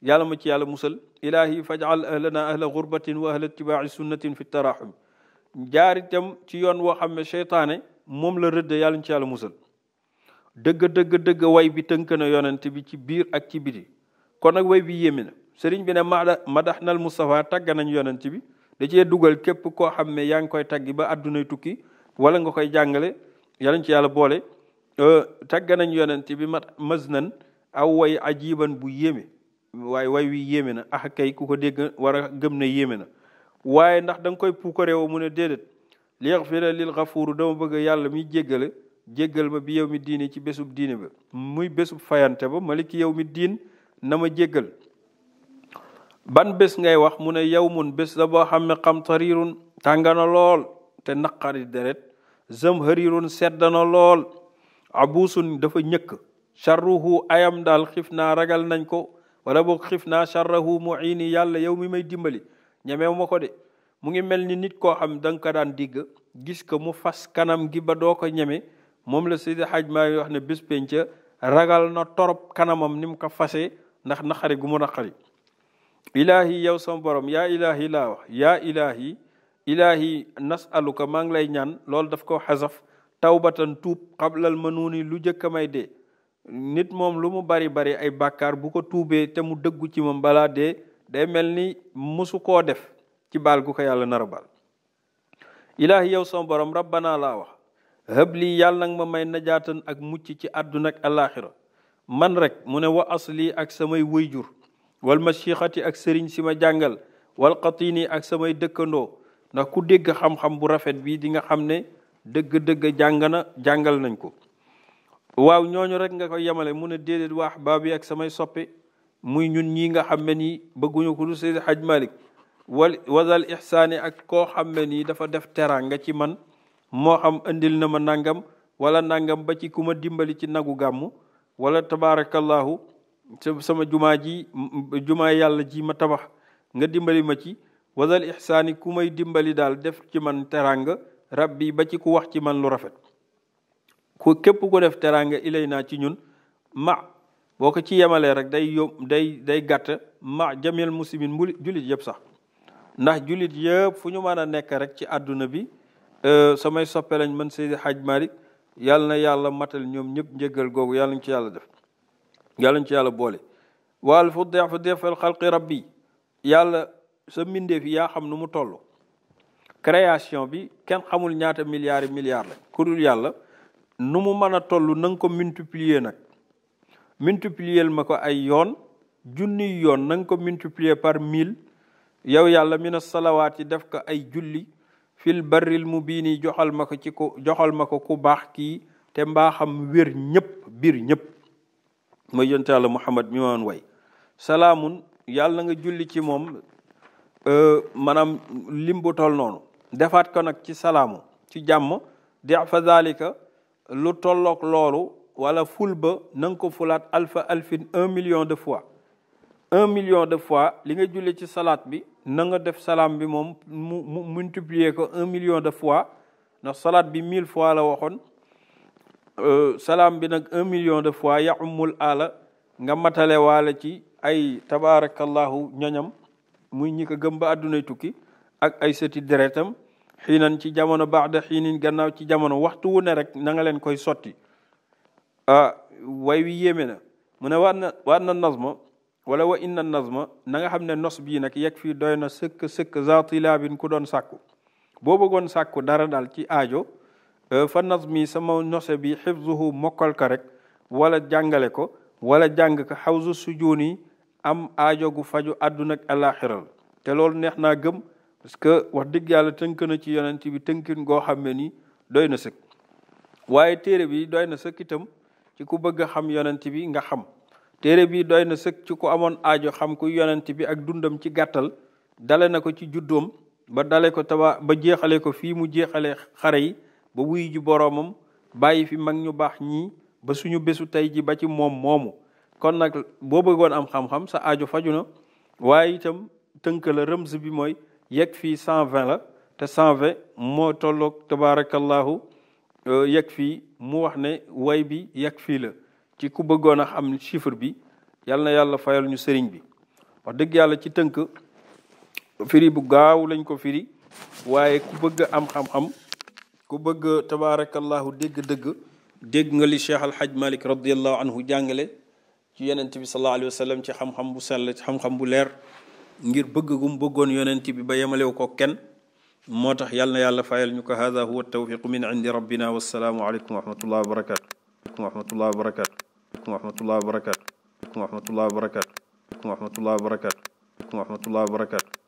yàlla ma ci yàlla musal ilahi fajal ahlana ahla gurbatin wa ahla ittibaai sunnatin fi tarahum jaar ci yoon woo xam ne seytaane moom la rëdd yàlla ñu ci yàlla musal dëgg dëgg dëgg way bi tënk na yonent bi ci biir ak ci kon nag way bi sëriñ bi ne mada madax nal Moustapha tagg nañ yonent bi da cee dugal képp koo xam ne yaa ngi koy taggi ba addunay tukki wala nga koy jàngale yalañ ci yàlla boole euh, tagg nañ yonent bi ma mas nan aw way ajiban bu yéeme waaye way wi yéeme na ah, ku ko dégg war gëm ne yéeme na waaye ndax da nga koy puukareewoo mu ne déedéet li yaxfira lil dama bëgg yàlla mi jéggale jéggal ma bi yow mi diine ci bésub diine ba muy bésub fayante ba maliki yow mi diin na ma jéggal ban bés ngay wax mu ne mun bés la boo xam ne qamtarirun tàngana lool te naqari deret zamharirun seddana lool abuusun dafa ñëkk charruhu ayam daal xif naa ragal nañ ko wala boog xif naa charrahu muini yàlla yow mi may dimbali ñemeew ma ko de mu ngi mel ni nit koo xam da nga daan digg gis ko mu fas kanam gi ba doo ko ñeme moom la Seydi maa ngi wax ne bés penca ragal na torop kanamam ni mu ko fase ndax naqari gu mu naqari ilaahi yow sama borom yaa ilaahi laa wax yaa ilaahi ilaahi nasaluka maa ngi lay ñaan loolu daf ko xasaf tawbatan tuub xablal manuuni lu jëkk a may dee nit moom lu mu bari bari ay bàkkaar bu ko tuubee te mu dëggu ci moom balaa dee day mel ni mësu koo def ci baal gu ko yàlla nara baal ilaahi yow sama borom rabbana laa wax hëb lii yàlla nag ma may najaatan ak mucc ci àdduna ak alaaxira man rek mu ne wa asli ak samay wëyjur wal mashixati ak sëriñ si ma jàngal wal xatini ak samay dëkkandoo ndax ku dégg xam-xam bu rafet bii di nga xam ne dëgg-dëgg jàng na jàngal nañ ko waaw ñooñu rek nga ko yemale mu ne déedéet waax baab yi ak samay soppe muy ñun ñii nga xam ne nii bëgguñu ko du Seydi Haj Malik wal wasal ihsaani ak koo xam ne nii dafa def teraanga ci man moo xam indil na ma nangam wala nangam ba ci ku ma dimbali ci nagu gàmm wala tabaarakallahu sama jumaa ji jumaa yàlla ji ma tabax nga dimbali ma ci wasal ihsaani ku may dimbali daal def ci man rab rabbi ba ci ku wax ci man lu rafet ku képp ku def teranga ilay naa ci ñun ma boo ko ci yemalee rek day yób day day gàtt ma jameel muslimin mbuli julit yëpp sax ndax julit yëpp fu ñu mën a nekk rek ci àdduna bi euh, samay soppe lañ man Seydi Haj Malick yàlla na yàlla matal ñoom ñëpp njëgal googu yàlla ñu ci yàlla def yàlla ñu ci yàlla boole waal fu deex fa deex fal rabbi yàlla sa mbindeef yi yaa xam nu mu toll création bi kenn xamul ñaata milliards milliar la ku dul yàlla nu mu mën a toll na ko multiplier nag multiplier ma ko ay yoon junniy yoon na ko multiplier par mille yow yàlla mina salawaat yi def ko ay julli fil barril mu bii joxal ma ko ci ko joxal ma ko ku baax kii te mbaaxam wér ñëpp biir ñëpp mooy yonte yàlla Muhammad mi woon way salaamun yàlla nga julli ci moom euh, maanaam lim toll noonu defaat ko nag ci salaamu ci jàmm di fa zalika lu tolloog loolu wala ful ba na ko fulaat alfa alfin un million de fois un million de fois li nga julli ci salaat bi na nga def salaam bi moom mu multiplier ko un million de fois ndax salaat bi mille fois la waxoon Euh, salaam bi nag un million de fois ya umul ala nga matale waale ci ay tabaarakallahu ñoñam muy ñi ko gëm ba addunay tukki ak ay sëti deretam xiinan ci jamono baada xiinin gannaaw ci jamono waxtu wu ne rek nanga leen koy sotti ah, way wi yéeme na mu ne waat na waat na nazma wala wa inna nazma na nga xam ne nos bii nag yegg fii doy na sëkk sëkk zaati laabin ku doon sàkku boo bëggoon sàkku dara daal ci aajo Euh, fa nazmi sama nose bi xifzuhu mokkal ko rek wala jàngale ko wala jàng ka xawsu sujuuni am aajo gu faju àdduna ak alaxiral te loolu neex naa gëm parce que wax dëgg yàlla tënk na ci yonent bi tënkin goo xam ne ni doy na sëkk waaye téere bi doy na sëkk itam ci ku bëgg a xam yonent bi nga xam téere bi doy na sëkk ci ku amoon aajo xam ku yonent bi ak dundam ci gàttal dale na ko ci juddoom ba dale ko taba ba jeexale ko fii mu jeexale xare yi ba wuy ji boroomam bàyyi fi mag ñu baax ñii ba suñu bésu tey ji ba ci moom moomu kon nag boo bëggoon am xam-xam sa aajo faju na waaye itam tënk la rëms bi mooy yegg fii cent vingt la te cent vingt moo tolloog tabaarakallahu euh, yegg fii mu wax ne way bi yegg fii la ci ku bëggoon a xam chiffre bi yal na yàlla fayal ñu sëriñ bi wax dëgg yàlla ci tënk firi bu gaaw lañ ko firi waaye ku bëgg am xam-xam ku bëgg tabaarakallahu dégg-dëgg dégg nga li cheikh alhaj malik radiallahu anhu jàngale ci yonent bi sallallahu alayhi wa ci xam-xam bu sell ci xam-xam bu leer ngir bëgg gum bëggoon yonent bi ba yemalew ko kenn moo tax yàlla na yàlla fayal ñu ko hada huwa tawfiqu min indi rabbina wassalaamu aleykum wa rahmatullah wa barakatu wa rahmatullah wa barakatu wa rahmatullah wa barakatu wa rahmatullah wa barakatu wa rahmatullah wa barakatu wa rahmatullah wa